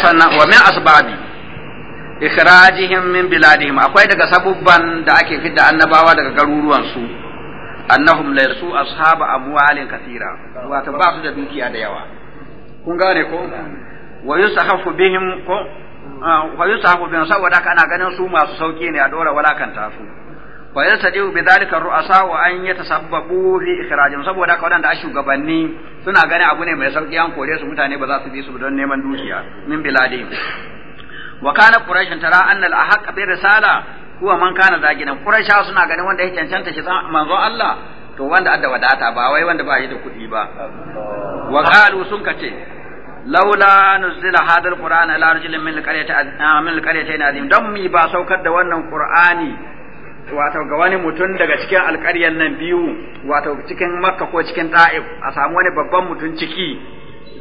sannan wa min asbabi ikhrajihim min biladihim akwai daga sabubban da ake fidda annabawa daga garuruwan su annahum laysu ashabu amwalin kathira wato ba su da dukiya da yawa kun gane ko wa yusahafu bihim ko wa yusahafu bihim saboda ana ganin su masu sauki ne a dora walakanta su wa yastadiu bi dalika ru'asa wa an yatasabbabu fi ikhrajin saboda ka wadanda shugabanni suna gani abu ne mai sauki an kore su mutane ba za su bi su don neman dukiya min biladihim wa kana quraish tara anna al-ahq bi risala huwa man kana zaginan quraisha suna ganin wanda ya cancanta shi manzo Allah to wanda adda wadata ba wai wanda ba shi da kuɗi ba wa qalu sun kace laula nuzila hadal qur'ana ala rajulin min al-qaryati min al-qaryatayn dan mi ba saukar da wannan qur'ani wato ga wani mutum daga cikin alƙaryar nan biyu wato cikin makka ko cikin ta'if a samu wani babban mutum ciki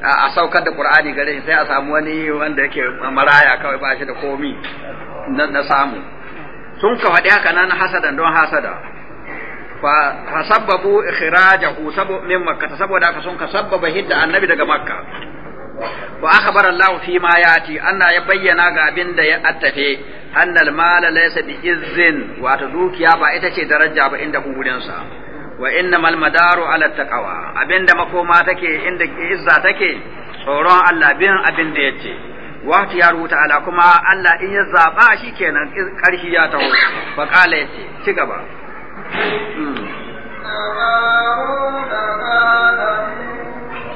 a saukar da ƙur'ani gare sai a samu wani wanda yake maraya kawai ba shi da komi na samu sun ka faɗi haka nan hasadan don hasada fa hasabbabu ikhrajahu sabu min makka saboda ka sun ka sabbaba hidda annabi daga makka wa akhbara Allah fi ma yati anna ya bayyana ga abin da ya attafe annal mal laysa bi izzin ta dukiya ba ita ce daraja ba inda gurin sa wa innamal madaru ala taqwa abinda makoma take inda izza take tsoron Allah bin abin da yace wa ya rubuta ala kuma Allah in ya zaba shikenan karshi ya taho fa kala yace ci gaba hmm.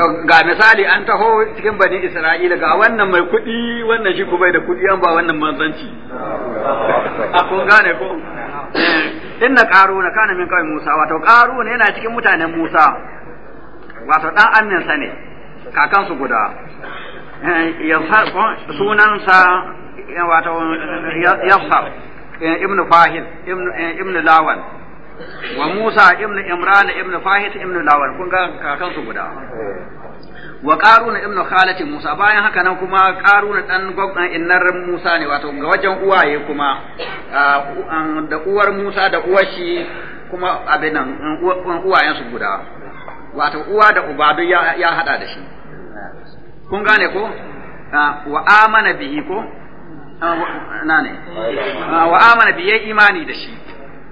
ga misali an taho cikin bani Isra'ila ga wannan mai kuɗi wannan shi bai da kuɗi an ba wannan manzanci a kun gane ko eh, inna qaruna kana min kawai Musa wato qaruna yana cikin mutanen Musa wato dan annin sa ne kakan su guda eh, sunansa eh, wato yasar ibnu fahil ibnu lawan wa Musa ibn Imran ibn Fahit ibn Lawal kun ga kakan su guda wa Qarun ibn Khalati Musa bayan haka nan kuma Qarun dan gwagwan innar Musa ne wato ga wajen uwaye kuma da uwar Musa da uwar shi kuma abin nan uwayen su guda wato uwa da uba duk ya hada da shi kun gane ko wa amana bihi ko na ne wa amana bihi imani da shi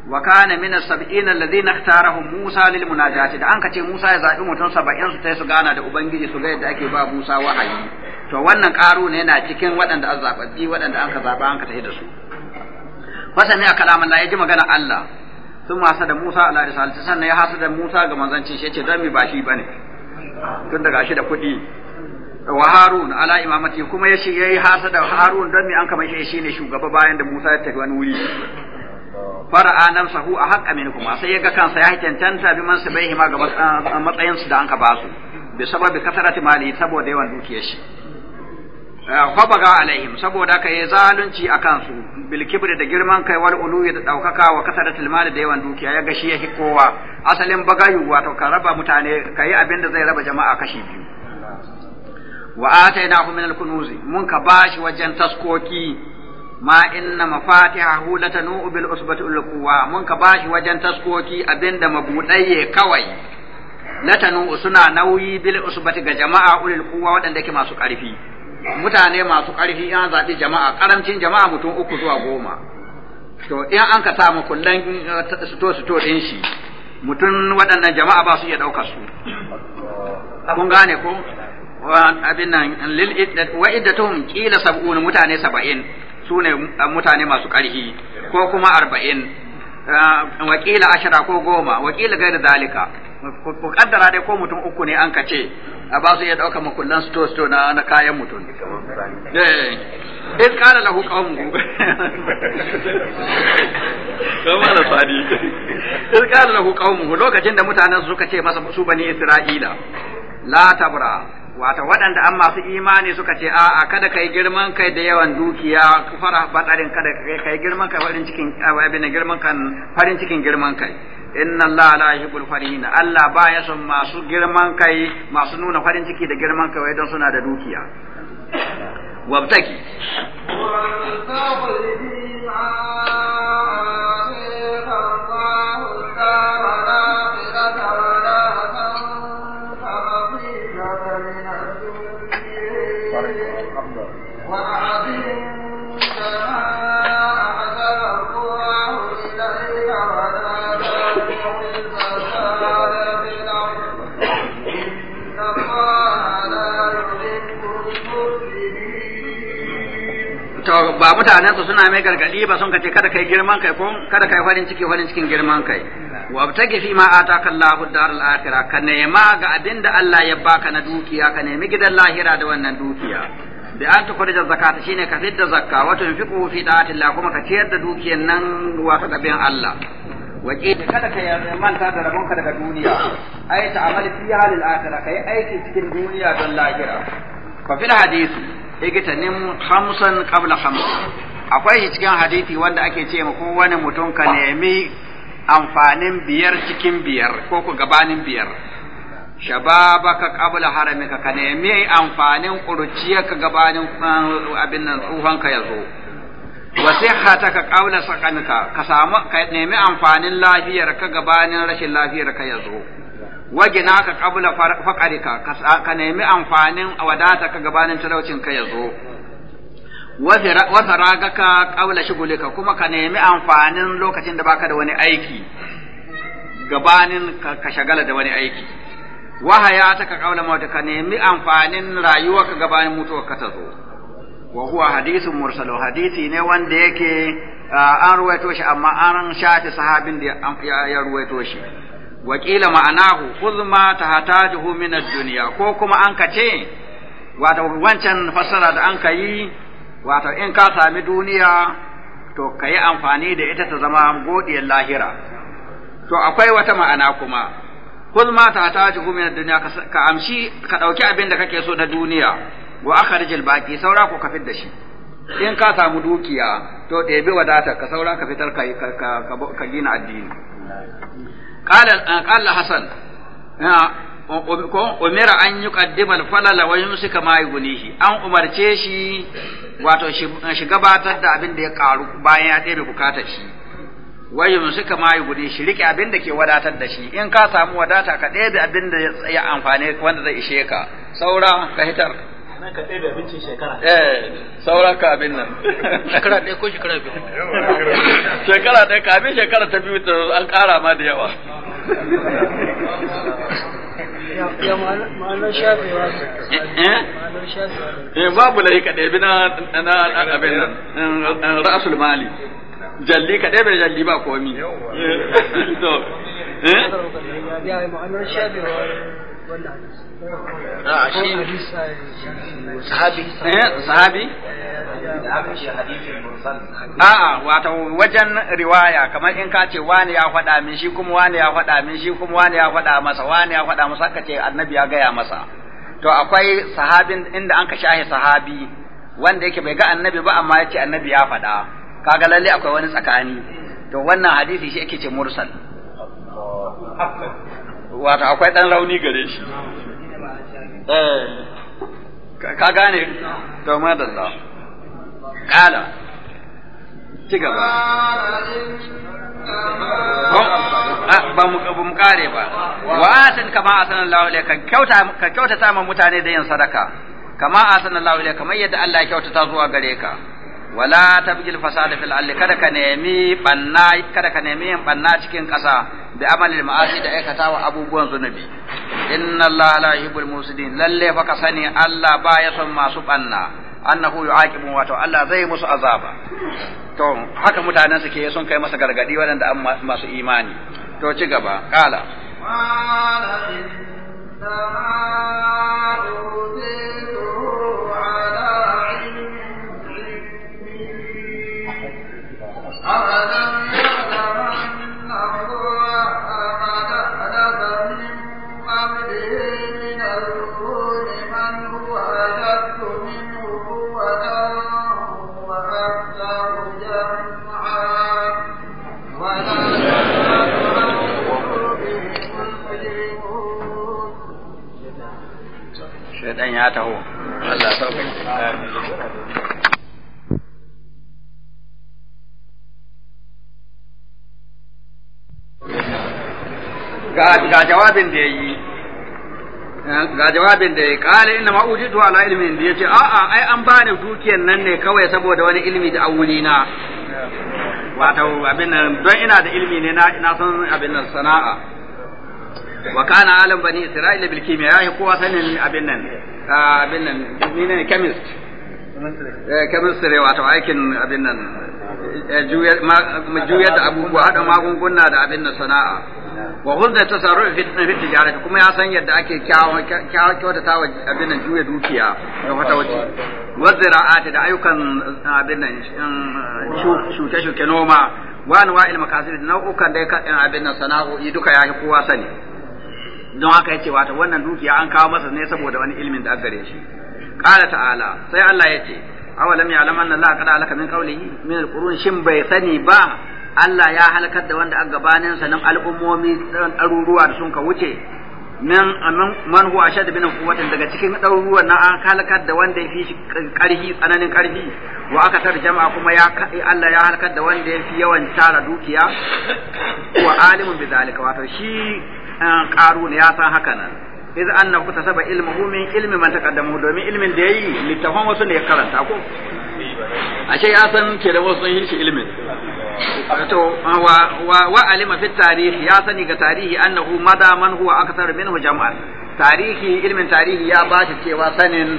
wa kana min as-sab'ina alladhina ikhtarahum Musa lil munajati da an kace Musa ya zabi mutum 70 su tai su gana da ubangiji su ga yadda ake ba Musa wahayi to wannan karu ne yana cikin waɗanda an zababbi waɗanda an ka zaba an ka tai da su ne a kalaman ya ji magana Allah sun wasa da Musa ala risalati sannan ya hasa da Musa ga manzanci shi yace dan mi ba shi bane tun daga shi da kuɗi wa Harun ala imamati kuma yace yayi hasa da Harun dan mi an mai shi shine shugaba bayan da Musa ya tafi wani wuri fara'a nafsahu a mini minkum sai ya ga kansa ya cancanta bi man sabaihi ma ga matsayin su da ka ba su bi sababi kasarati mali saboda yawan dukiyar shi eh, fa baga alaihim saboda ka yi zalunci a kansu bil kibri da girman kai wal uluwi da daukaka wa kasarati mali da yawan dukiya ya ga shi ya hikowa asalin bagayu wato ka raba mutane ka yi abin da zai raba jama'a kashi biyu wa atainahu min al kunuzi mun ka bashi wajen taskoki ma inna mafatihahu latanu bil usbati ul quwa mun ka bashi wajen taskoki abinda mabudaiye kawai latanu suna nauyi bil usbati ga jama'a ulil quwa wadanda ke masu karfi mutane masu karfi an zabi jama'a karamcin jama'a mutum uku zuwa goma to in an ka samu kullan eh, sito sito din shi mutum waɗannan jama'a ba su iya ɗauka su kun gane ko abin nan lil iddat wa iddatuhum qila sab'un mutane saba'in. su ne mutane masu ƙarfi ko kuma arba'in ah, wakila ashira ko goma wakila gaira dalika ku kaddara dai ko mutum uku ne an kace a ba su iya ɗauka makullan sto sto na na kayan mutum eh, in kana lahu qawmu kama da fadi in kana lahu qawmu lokacin da mutanen suka ce masa su bani isra'ila la tabra wato waɗanda an masu imani suka ce a'a kada kai girman kai da yawan dukiya fara batsarin kada kai girman kai farin cikin eh, abin girman kan farin cikin girman kai inna Allah la yuhibbul farihin Allah baya son masu girman kai masu nuna farin ciki da girman kai don suna da dukiya wabtaki wabtaki ba mutanen su suna mai gargadi ba sun kace kada kai girman kai kun kada kai farin ciki farin cikin girman kai wa abtaki fi ma ataka Allahu daral akhirah ka nema ga abinda Allah ya baka na dukiya ka nemi gidan lahira da wannan dukiya bi an da zakata shine ka fidda zakka in fiku fi Allah kuma ka ciyar da dukiyar nan wato ga Allah waje kada ka manta da rabonka daga duniya ai amali fi halil akhirah kai aiki cikin duniya don lahira fa fil hadisi nim khamsan qabla khamsa akwai shi cikin hadisi wanda ake ce ma kowane mutum ka nemi amfanin biyar cikin biyar ko ku gabanin biyar shababaka qabla haramika ka nemi amfanin ƙurciyarka gabanin eh, abin nan tsufanka ya zo wa ka qabla saqamika ka samu ka nemi amfanin lafiyarka gabanin rashin lafiyarka ya zo wa ginaka qabla faqarika ka nemi amfanin ka gabanin talaucinka ya zo wa ka qabla shugulika kuma ka nemi amfanin lokacin da baka da wani aiki gabanin ka shagala da wani aiki wahaya ta ka kaula mauta ka nemi amfanin rayuwarka gabanin ka ta zo wa huwa hadisun mursalu hadisi ne wanda yake an ruwaito shi amma an shafi sahabin da ya ruwaito shi wakila ma'anahu khudh ma tahtajuhu min ad-dunya ko kuma an kace wato wancan fassara da an kayi wato in ka sami duniya to kayi amfani da ita ta zama godiyar lahira to akwai wata ma'ana kuma kul ma ta ta ji min duniya ka amshi ka ɗauki abin da kake so na duniya wa akhrijil baqi saura ko ka da shi in ka samu dukiya to ɗebi wadata ka saura ka fitar ka gina addini qala ah, hasan ah, umira an yi ƙaddimar falala wa yumsi ma yi an umarce shi wato shi gabatar da abin da ya karu bayan ya ɗebe bukatar shi wai yanzu suka ma gudi shi rike abin da ke wadatar da shi in ka samu wadata ka ɗaya da abin da ya amfane wanda zai ishe ka saura ka hitar ka ɗaya da abincin shekara eh saura ka abin nan shekara ɗaya ko shekara biyu shekara ɗaya ka abin shekara ta biyu ta an ƙara ma da yawa eh, eh? Eh, babu lahi ka ɗaya bi na abin nan ra'asul mali jalli ɗaya bai jalli ba komi to eh? ah, eh, sahabi a'a wato wajen riwaya kamar in ka ce wani ya faɗa min shi kuma wani ya faɗa min shi kuma wani ya faɗa masa wani ya faɗa masa ka ce annabi ya gaya masa to akwai sahabin inda an ka shahe sahabi wanda yake bai ga annabi ba amma ya ce annabi ya faɗa kaga lalle akwai wani tsakani to wannan hadisi shi ake ce mursal wato akwai dan rauni gare shi eh ka gane to madalla kala ci gaba ah, ba mu kare ba wa san kama asan Allah ilayka kyauta ka kyauta ma mutane da yin sadaka kama asan Allah ilayka kamar yadda Allah ya kyautata zuwa gare ka wala tabgil fasada da alli kada ka nemi banna kada ka nemi yin banna cikin ƙasa bi amalin ma'asi da wa abubuwan zunubi inna allaha la yuhibbul musidin lalle fa ka sani allah baya son masu banna annahu yu'aqibu wato allah zai musu azaba to haka mutanen su ke sun kai masa gargadi waɗanda an masu imani to ci gaba kala shaidan ya taho Allah sauƙi ga jawabin da yi. ga jawabin da ya kala eh, inna ma ujitu ala ilmin da ce a a ai an bani dukiyar nan ne kawai saboda wani ilimi da awuni na wato abin nan don ina da ilimi ne na ina san abin nan sana'a wa kana alim bani isra'ila bil kimiyya yayi kowa sanin abin nan ah, abin nan ni ne chemist eh, chemistry wato aikin abin nan eh, juyar da abubuwa haɗa magunguna da abin nan sana'a wa ta tasarrufi fi tijarati kuma ya san yadda ake kyawata ta abin nan juya dukiya da wata wace wa da ayyukan abin nan shuke shuke noma wa anwa'il makasir da nau'ukan da ya abin nan sana'o'i duka ya kowa sani don haka yace wata wannan dukiya an kawo masa ne saboda wani ilimin da aka gare shi qala ta'ala sai Allah yace awalam ya'lam anna Allah qad alaka min qawlihi min al-qurun shin bai sani ba Allah ya halakar da wanda an gabanin sa nan al'ummomi ɗaruruwa da sun ka wuce nan man huwa ashad min quwwatin daga cikin ɗaruruwa na an halakar da wanda ya fi shi ƙarfi tsananin ƙarfi wa aka tar jama'a kuma ya Allah ya halakar da wanda ya fi yawan tara dukiya wa alimun bi zalika wato shi eh, ƙaru ne ya san haka nan iz annahu tasaba ilmuhu min ilmi man taqaddamu domin ilmin da yayi littafan wasu ne ya karanta ko ashe ya san ke da wasu yi shi ilimin to wa wa alima fi tarihi ya sani ga tarihi annahu mada man huwa akthar minhu jam'an tarihi ilmin tarihi ya ba shi cewa sanin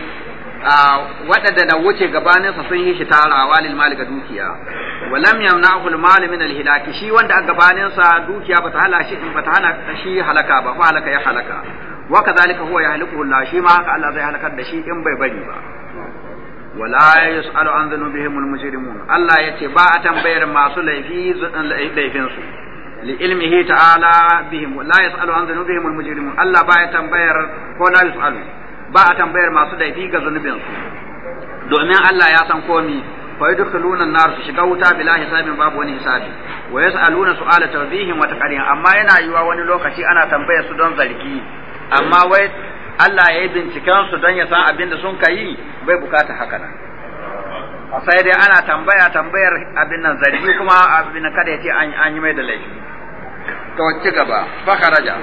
waɗanda na wuce gabaninsa sun yi shi tarawa lil mali ga dukiya wa lam yamna'hu al mal min al hilaki shi wanda a gabaninsa dukiya bata hala shi bata hana shi halaka ba ko halaka ya halaka wa kadhalika huwa yahliku Allah shi ma haka Allah zai halakar da shi in bai bari ba wala yus'alu an dhunubihim al-mujrimun Allah yace ba a tambayar masu laifi laifin su li ilmihi ta'ala bihim la yus'alu an dhunubihim al-mujrimun Allah ba ya tambayar ko la yus'alu ba a tambayar masu laifi ga zunubin su domin Allah ya san komi fa yadkhuluna an-nar su shiga wuta bila hisabin babu wani hisabi wa yas'aluna su'ala tawbihin wa taqriyan amma yana yiwa wani lokaci ana tambayar su don zargi amma wai Allah ya yi binciken su don ya san abin da sun kayi bai bukata haka nan sai dai ana tambaya tambayar abin nan zargi kuma abin da kada ya ce an yi mai da laifi to ci gaba fakaraja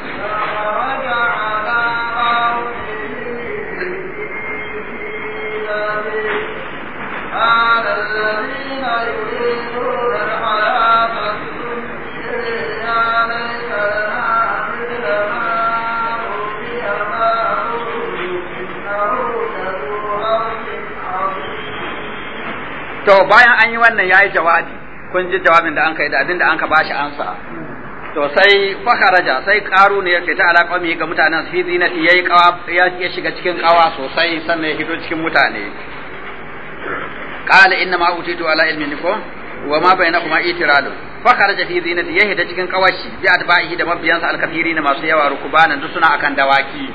الذين يريدون to bayan an yi wannan yayi jawabi kun ji jawabin da an kai da abin da an ka bashi ansa to sai fakharaja sai karu ne yake ta alaƙa mai ga mutanen fi zinati yayi kawa ya shiga cikin kawa sosai sannan ya hito cikin mutane qala inna ma utitu ala ilmin ko wa ma bainakuma itiralu fakharaja fi zinati yahi da cikin kawashi bi atba'ihi da mabiyansa alkathirin masu yawa rukubanan duk suna akan dawaki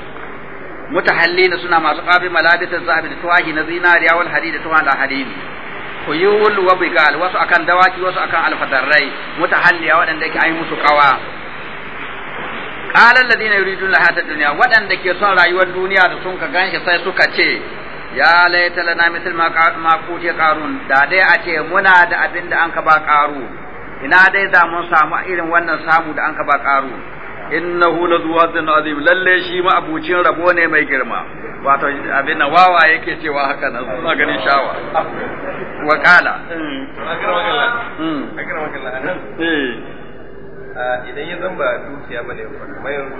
mutahallina suna masu qabi malabita zahabi da tuwahi na zinariya wal hadid Ku wulu wa bigal wasu akan dawaki wasu akan alfadarrai halliya waɗanda yake ai musu kawa qala alladhina yuriduna ta dunya waɗanda ke son rayuwar duniya da sun ka ganshi sai suka ce ya laita lana mithl ma kuti qarun da dai a ce muna da abin da an ka ba qaru ina dai za mun samu irin wannan samu da an ka ba qaru innahu lazuwazin azim lalle shi ma abucin rabo ne mai girma wato abin nan wawa yake cewa haka nan suna ganin shawa wa kala hmm. eh, idan ya zamba dukiya bane kamar yanzu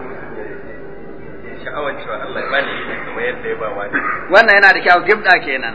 sha'awar cewa Allah ya bani kamar yadda ya ba wani wannan yana da kyau gibda kenan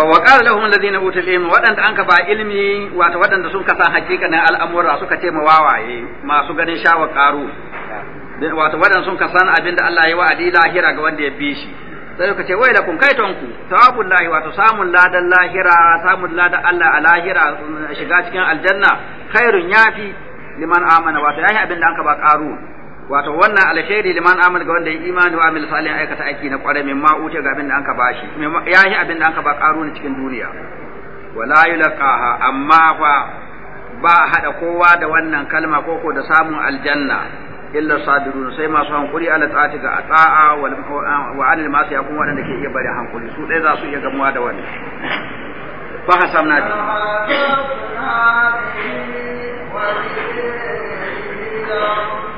to wa qala lahum alladhina utul ilm wadanda an ba ilmi wato wadanda sun kasa hakikanin al'amura suka ce ma wawaye masu ganin shawa karu wato wadanda sun kasan abinda Allah ya wa'adi lahira ga wanda ya bi shi sai suka ce wai da kun kai tonku tawabun lahi wato samun ladan lahira samun ladan Allah a lahira shiga cikin aljanna khairun yafi liman amana wato yahi abinda an ba karu wato wannan alheri liman amal ga wanda ya imani wa amil salih aikata aiki na kware min ma uce ga abin da anka bashi ya yi abin da anka ba karu ne cikin duniya wala yulqaha amma fa ba hada kowa da wannan kalma koko da samun aljanna illa sabirun sai masu hankuri ala ta'ati ga ata'a wa anil masu yakun wadanda ke iya bari hankuri su dai za su iya gamuwa da wannan fa hasamna bi Thank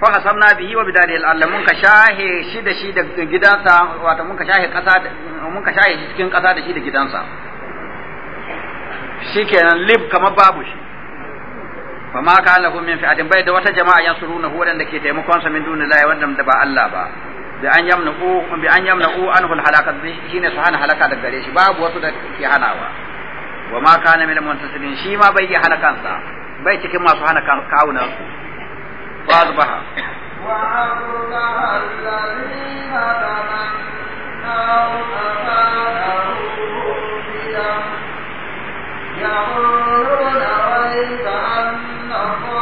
fa asamna bihi wa bidarihi al mun ka shahe shi da shi da gidansa wato mun ka shahe kasa mun ka shahe shi cikin kasa da shi da gidansa Shi kenan lib kamar babu shi fa ma ka lahu min fi'atin bai da wata jama'a yansuruna hu wadanda ke taimakon sa min dunillahi wanda da ba Allah ba bi an yamna'u bi an yamna'u anhu al-halaka shine su hana halaka daga gare shi babu wasu da ke hanawa wa ma kana min al-muntasibin shi ma bai yi halakansa bai cikin masu hana kawunan su فأصبح وأصبح الذين تمنوا مكانه يقولون ويك أنهم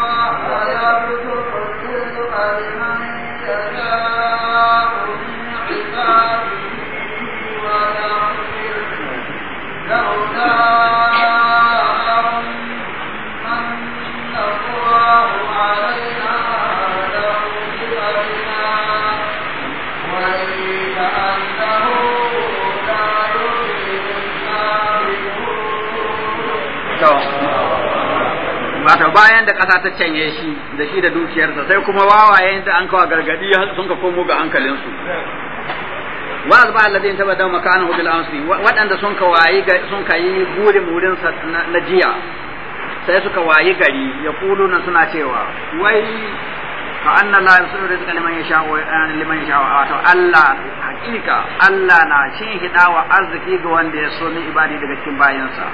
wato bayan da ƙasa ta canye shi da shi da dukiyarsa sai kuma wawayen da an kawo gargadi sun ka komo ga hankalinsu wa azba alladhin tabaddaw makanu bil amsi waɗanda sun ka wayi sun ka yi murin sa na jiya sai suka wayi gari ya kulu na suna cewa wai ka anna la yusiru rizqa liman yasha wa eh, liman yasha wato Allah hakika Allah na shin hidawa arziki ga wanda ya so ni ibadi daga cikin bayansa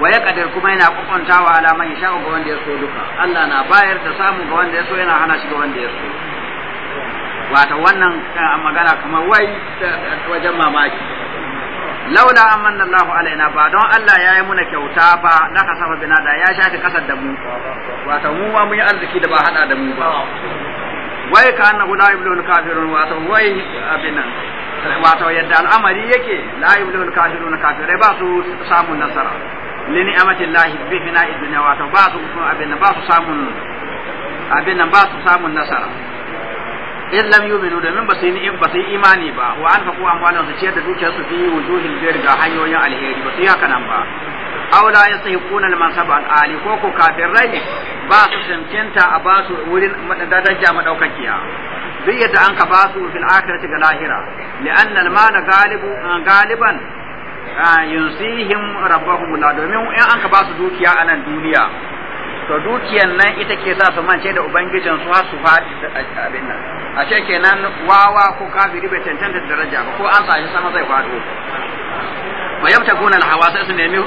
wa ya kadir kuma yana kukuntawa alama ya sha'u ga wanda ya so duka Allah na bayar da samun ga wanda ya so yana hana shi ga wanda ya so wata wannan eh, magana kamar wai wajen mamaki laula amanna Allahu alaina ba don Allah ya yi muna kyauta ba na kasafa bina da ya shafi kasar da mu wata mu ma mun yi arziki da ba hada da mu ba wai ka annahu la yublihul kafirun wato wai abinan wato yadda al'amari yake la yublihul kafirun kafirai ba su samun nasara lini amatin lahi bi fina iddunya wato ba su abin ba su abin nan ba su nasara in lam yu'minu domin ba ba su imani ba wa an faku amwalan su ce da dukiyar su fi wujuhin bir ga hanyoyin alheri ba su yi haka nan ba aula ya al-mansab al-ali ko ko rai ba su cancanta a ba su wurin daraja madaukakiya duk yadda an ka ba su fil akhirati ga lahira li'anna al-mala galiban Ah, yunsihim rabbahum la domin in an ka ba su dukiya a nan duniya to dukiyan nan ita ke sa su mance da ubangijin su har su faɗi abin nan a ce kenan wawa ko kafiri bai cancanta daraja ba ko an sa shi sama zai faɗo wa yabta kuna alhawa sai su nemi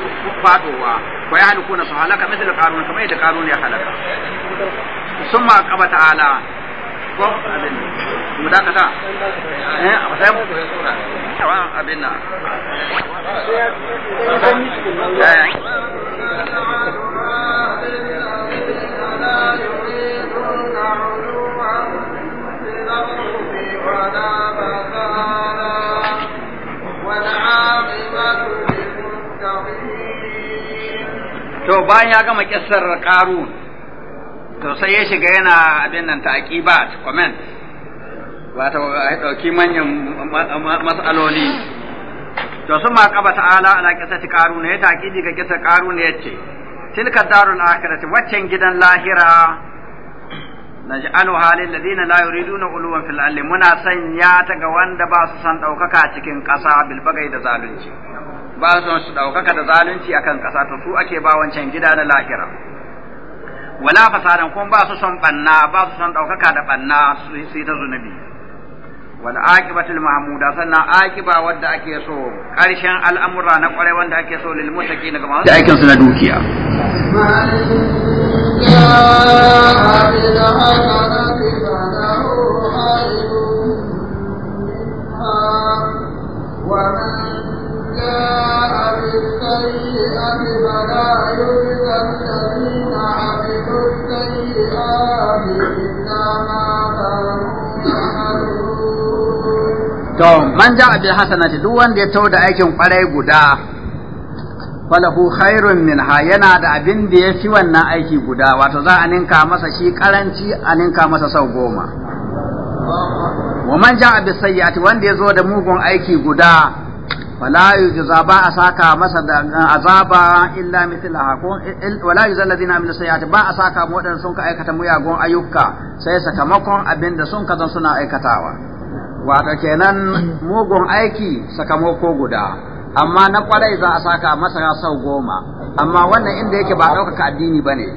faɗowa ko ya halu kuna su halaka misal qarun kamar yadda qarun ya halaka summa qabata ala ko abin mu dakata eh a mu abin To bayan ya gama kissar ƙaru to sai ya shiga yana abin nan ta ba, comment wato ta ɗauki manyan matsaloli to sun ma kaba ta'ala ala kisati karuna ya taƙidi ga kisa karuna ya ce tilka darul akhirati waccan gidan lahira naj'aluha lil ladina la yuriduna uluwan fil ardi muna sanya ta ga wanda ba su san ɗaukaka cikin ƙasa bil bagai da zalunci ba su su ɗaukaka da zalunci akan ƙasa to su ake ba wancan gida na lahira wala fasadan kuma ba su son banna ba su son ɗaukaka da banna su yi ta zunubi wal aqibatul mahmuda sannan aqiba wanda ake so karshen al'amura na kwarai wanda ake so lil mutaqi na gaba da aikin su na dukiya ومن to man ja bil hasanati duk wanda ya tawo da aikin kwarai guda falahu khairun ha yana da abin da yafi wannan aiki guda wato za a ninka masa shi karanci a ninka masa sau goma wa man ja bis sayyati wanda ya zo da mugun aiki guda wala yujza ba a saka masa da eh, azaba illa mithlaha ko wala yujza alladhina amilu sayyati? ba a saka mu sun ka aikata muyagun ayyuka sai sakamakon abin da sun ka zan suna aikatawa wato kenan mugun aiki sakamako guda amma na kwarai za a saka masa sau goma amma wannan inda yake ba ɗaukaka addini ba ne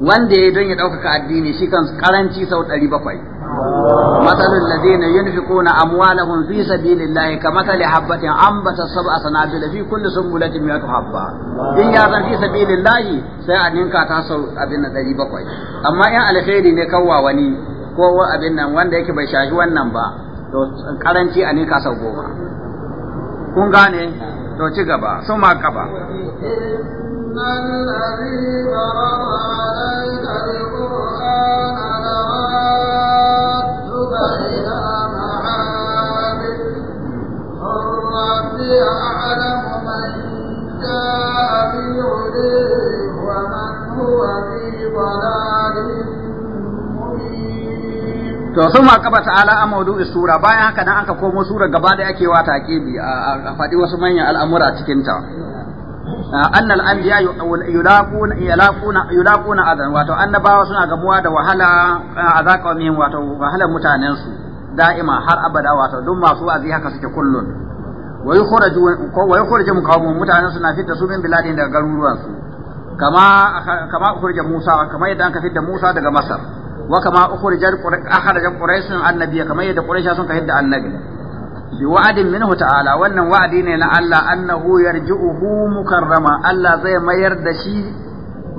wanda ya don ya ɗaukaka addini shi kan karanci sau ɗari bakwai matsalin ladina yunfikuna amwalahum fi sabilillahi ka matsali habbatin ambata sab'a sanabila fi kulli sumbulatin mi'atu habba in ya zan fi sabilillahi sai a ninka ta sau abin da ɗari bakwai amma 'yan alheri ne kawwa wani ko abin nan wanda yake bai shafi wannan ba to karanci a ninka sau goma kun gane to ci gaba Su ma gaba to sun ma kaba ta'ala a maudu'i sura bayan haka nan aka komo sura gaba da yake wata aqibi a faɗi wasu manyan al'amura cikin ta annal anbiya yulaquna yulaquna yulaquna adan wato annabawa suna gamuwa da wahala mihim wato wahalar mutanen su da'ima har abada wato duk masu azi haka suke kullun wa yukhraju wa yukhraju qaumun mutanen su na fitta su min biladin daga garuruwan su kama kama ukhrijat Musa kama yadda an fitta Musa daga Masar wa kama ukhrijat akhrajat quraish annabi kamar yadda quraisha sun kai da annabi bi wa'adin minhu ta'ala wannan wa'adi ne na Allah annahu yarji'uhu mukarrama Allah zai mayar da shi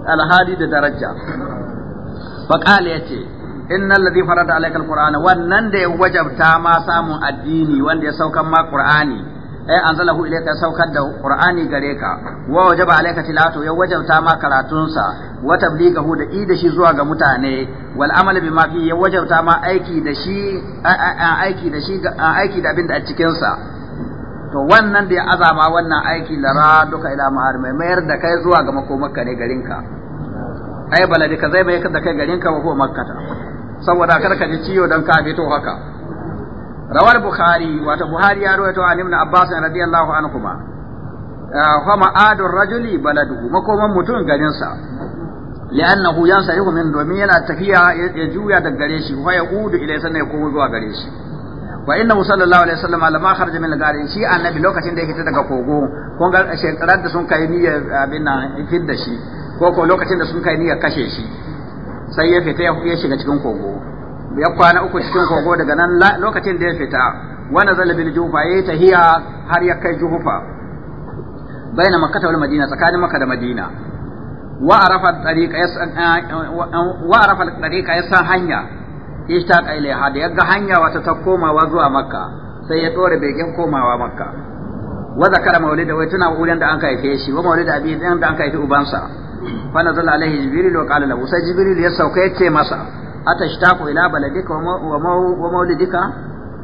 alhadi da daraja fa qala in innal ladhi farada alayka alqur'ana wannan da ya wajabta ma samun addini wanda ya sauka ma Kur'ani. ay eh, anzalahu ilayka saukar da qur'ani gare ka wa wajaba alayka tilawatu ya wajabta ma karatun sa wa tablighahu da ida shi zuwa ga mutane wal amal bima fi ya wajabta ma aiki da shi aiki da shi aiki da abin da a cikin sa to wannan da ya azama wannan aiki da ra duka ila mahar mai mayar da kai zuwa ga makomarka ne garin ka, ai ka zai mai da kai garin ka, wa makka ta, saboda kada ka ji ciwo dan ka fito haka rawar bukhari wata buhari ya rawaito an ibn abbas radiyallahu anhuma ah, fa ma'adur rajuli baladuhu makoman mutum garin sa li'annahu yansarihu min domin yana tafiya ya juya daga gare shi fa yaqudu ila sannan ya komo gare shi wa inna sallallahu alaihi wasallam lamma kharaja min al-gari shi annabi lokacin da ya fita daga kogo ko ga shekarar da sun kai niyyar abin nan fidda shi ko ko lokacin da sun kai niyyar kashe shi sai ya fita ya shiga cikin kogo ya kwana uku cikin kogo daga nan lokacin da ya fita wani zalibin jufa ya yi tahiya har ya kai jufa baina makkata wal madina tsakanin makka da madina wa arafa tariqa eh, eh, wa arafa tariqa ya san hanya ishtaqa ilaiha da ga hanya wata ta komawa zuwa makka sai ya tsore begen komawa makka wa zakara maulida wai tana wurin da an kai haife shi wa maulida abi dan da an kai haife ubansa fa nazala alaihi jibril wa qala lahu sai jibril ya sauka yace masa atashtaqu ila baladika wa maulidika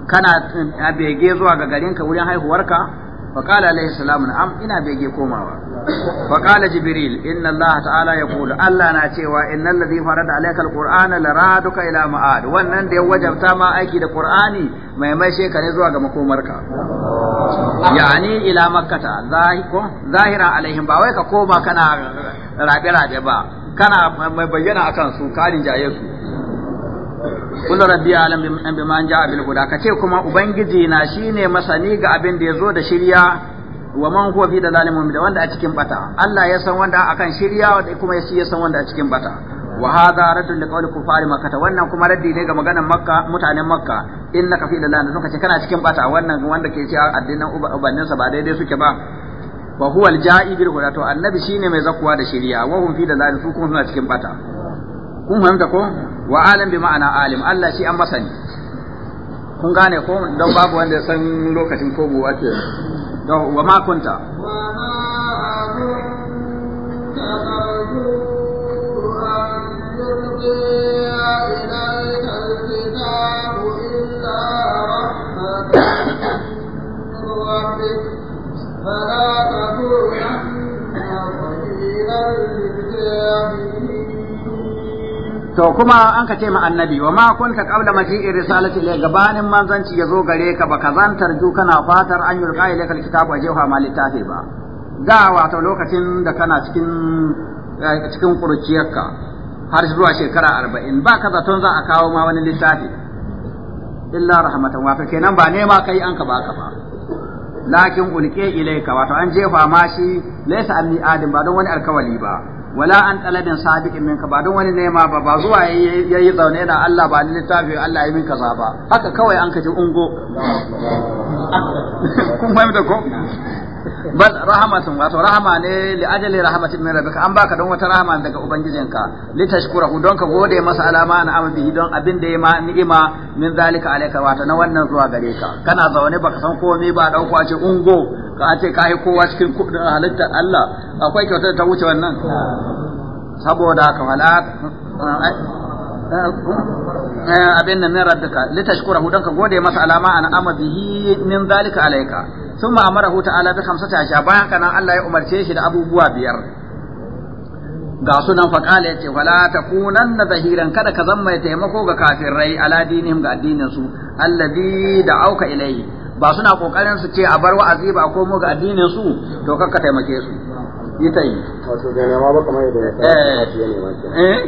kana eh, bege zuwa ga ka wurin haihuwarka fa qala alayhi salamu am ina bege komawa fa qala jibril inna allah ta'ala yaqulu allah na cewa inna alladhi farada alayka alqur'ana laraduka ila ma'ad wannan da ya wajabta ma aiki da qur'ani mai mai sheka zuwa ga makomarka yani ila makkata zahiko zahira alaihim ba wai ka koma kana rabe rabe ba kana mai bayyana akan su kalin jaye su kullu rabbi alam bi man ja'a bil huda kace kuma ubangiji na shine masani ga abin da yazo da shirya wa man huwa fi dalalim mu da wanda a cikin bata Allah ya san wanda akan shirya da kuma ya san wanda a cikin bata wa hadha raddun liqawli kufari ta wannan kuma raddi ne ga maganar makka mutanen makka innaka fi da suka ce kana cikin bata wannan wanda ke cewa addinin ubanninsa ba daidai suke ba wa huwa al-ja'i bil huda to annabi shine mai zakuwa da shirya wa hum fi dalalim su kuma suna cikin bata kun fahimta ko wa alim bi ma'ana alim Allah shi an masani kun gane ko don babu wanda ya san lokacin ko gowa ke wa ma kunta فلا تكونن ظهيرا للكافرين to kuma an ka ce ma annabi wa ma kunta qabla ji'i risalati ilayka gabanin manzanci ya zo gare ka baka zantar ju kana fatar an yulqa ilayka alkitabu ajewha ma littafi ba da wato lokacin da kana cikin eh, cikin kurciyarka har zuwa shekara arba'in ba ka zaton za a kawo ma wani littafi illa rahmatan wato kenan ba nema kai an ka baka ba lakin ulke ilayka wato an jefa ma shi laysa an mi'adin ba don wani alkawali ba wala an talabin sadiqin minka ba don wani nema ba ba zuwa yayi zaune da Allah ba littafi Allah yi minka za haka kawai an kaji ungo kun fahimta ko bal rahmatun wato rahama ne li ajali rahmatin min rabbika an baka don wata rahama daga ubangijinka li tashkurahu don ka gode masa alama na amma bihi don abin da ya ma ni'ima min zalika alayka wato na wannan zuwa gare ka kana zaune baka san komai ba dauko a ce ungo ka a ce ka yi kowa cikin halittar Allah akwai kyautar ta wuce wannan saboda ka wala eh, eh, eh, abin nan min rabbika litashkura hu dan ka gode masa alama an ama bihi min zalika alayka amara hu ta'ala bi khamsati sha. bayan ka nan Allah ya umarce shi da abubuwa biyar ga sunan faqala yace wala takunanna zahiran kada ka zama mai taimako ga kafirai ala dinihim ga addinin su alladhi da'auka ilayhi ba suna kokarin su ce a bar wa'azi ba ko mu ga addinin su to kakka taimake su yi ta yi wato bai nema ba kamar yadda ya eh. nema eh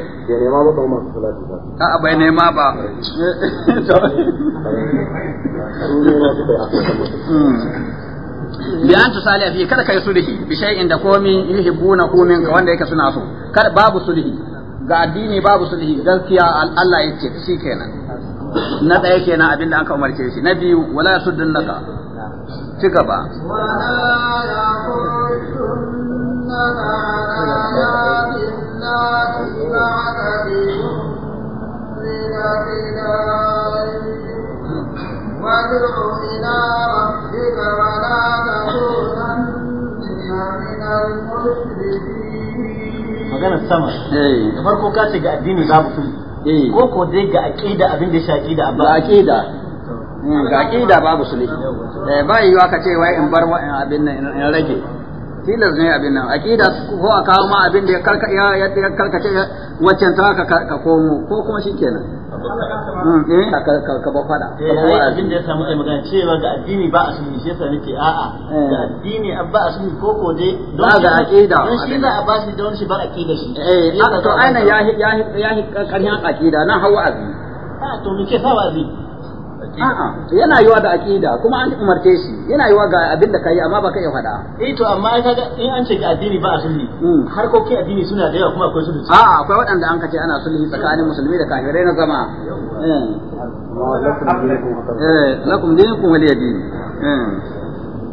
bai nema ba kamar masu salati ba a'a bai nema ba liyan tu sali fi kada kai sulhi bi shay'in da komi yuhibbuna kumin ka wanda yake suna so kada babu sulhi ga addini babu sulhi gaskiya Allah yake shi kenan na ɗaya kenan abinda aka ka umarce shi na biyu wala yasuddun naka ci gaba وادع إلى magana sama. Eh. Da farko ka ce ga addini za ku Eh. ko ko dai ga aqida abin da shaki da abba aqida ga aqida hmm, babu eh ba yiwa ka ce wai in bar abin nan in rage tilas ne abin nan aqida ko a kawo ma abin da ya karkace waccan ta ka komo ko kuma shikenan Mm, eh, ka ba fada eh, abin da ya samu ai magana cewa da addini ba a sulhu shi yasa nake a'a eh. ga addini an ba a sulhu ko ko dai ba ga aqida don shi za a bashi don shi ba aqida shi eh to aina ya ya ya karhin aqida na hawa abi a ah, to me ke sa wazi a'a yana yiwa da aqida kuma an umarce shi yana yiwa ga abin da kai amma ba ka iya faɗa eh to amma kaga in an ce addini ba hmm. har ko kai addini suna da yawa kuma akwai sulhi a'a akwai waɗanda an kace ana sulhi tsakanin musulmi da kafirai na zama eh lakum dinukum waliyadin eh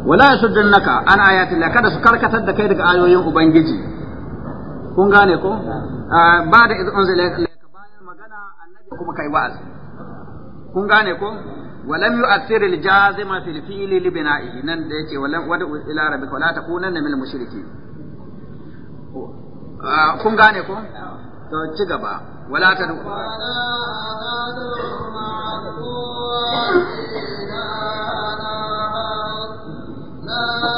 wala yasuddunaka an ayati la kada su karkatar da kai daga ayoyin ubangiji kun gane ko ah, ba da izinin unzila ilayka bayan magana annabi kuma kai wa'azi kun gane ko ولم يؤثر الجازم في الفيل لبنائه نن ديك ولم ودع الى ربك ولا تكونن من المشركين kun gane ko to ci gaba wala ta duk لا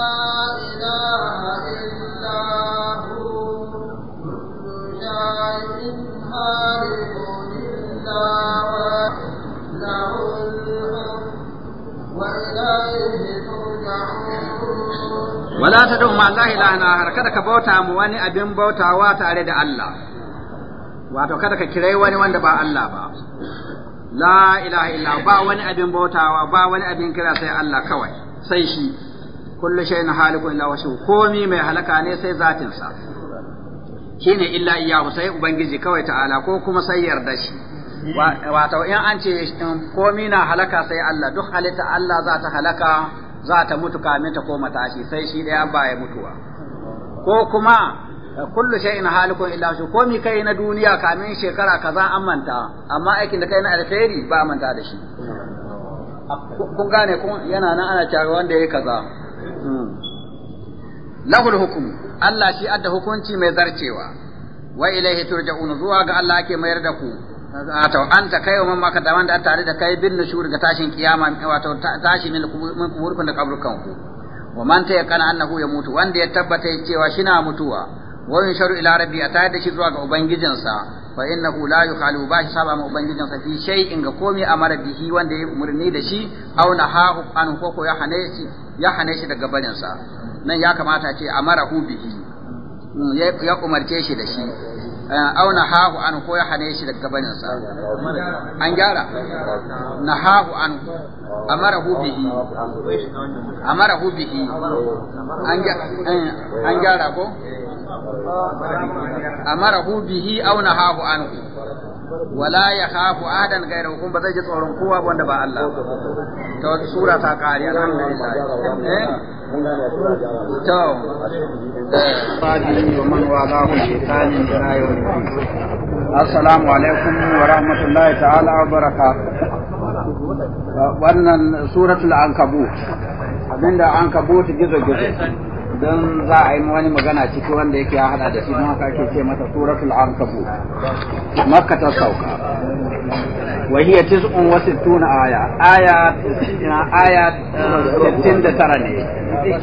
wala ta da'u ma ilaha ilahan akhar kada ka bauta mu wani abin bautawa tare da Allah wato kada ka kirai wani wanda ba Allah ba la ilaha illa ba wani abin bautawa ba wani abin kira sai Allah kawai sai shi kullu shay'in haliku illa shu komi mai halaka ne sai zatin sa shine illa iyahu sai ubangiji kawai ta'ala ko kuma sai yarda shi wato in an ce komi na halaka sai Allah duk halitta Allah za ta halaka za ta mutu kamin ta koma tashi sai shi ɗaya ba ya mutuwa ko kuma eh, kullu shay'in halikun illa shi ko mi kai na duniya kamin shekara kaza an manta amma aikin da kai na alkhairi ba manta da shi kun gane kun yana nan ana cewa wanda yayi kaza hmm. lahul hukum Allah shi adda hukunci mai zarcewa wa ilaihi turja'un zuwa ga Allah ke mayar da ku wato an ta kai wa maka da wanda tare da kai bin nushur ga tashin kiyama wato tashi min min kuburkun da kabrukan ku wa man ta yakana annahu mutu. wanda ya tabbata cewa shina mutuwa wa in sharu ila rabbi a da shi zuwa ga ubangijinsa fa innahu la yukhalu ba shi saba ma ubangijinsa fi in ga komai amara bihi wanda ya murni da shi aw ha an ko ko ya hane ya hane daga barinsa nan ya kamata ce amara hu bihi ya umarce shi da shi Eh, auna hahu an ko ya hane shi daga sa an gyara na hahu an amara bihi eh, amara hubihi. an gyara ko amara hubihi auna hahu an wala ya khafu adan gairu kun ba zai ji tsoron kowa ba wanda ba Allah to sura ta kare alhamdulillah eh to fadi wa man walahu shaytanin ila yawm assalamu alaikum wa rahmatullahi ta'ala wa barakatuh wannan suratul ankabut abinda ankabut gizo gizo don za a yi wani magana ciki wanda yake ya hada da shi don haka ake ce mata suratul ankabu makka ta sauka wa hiya tis'un wa sittuna aya aya aya 69 eh, ne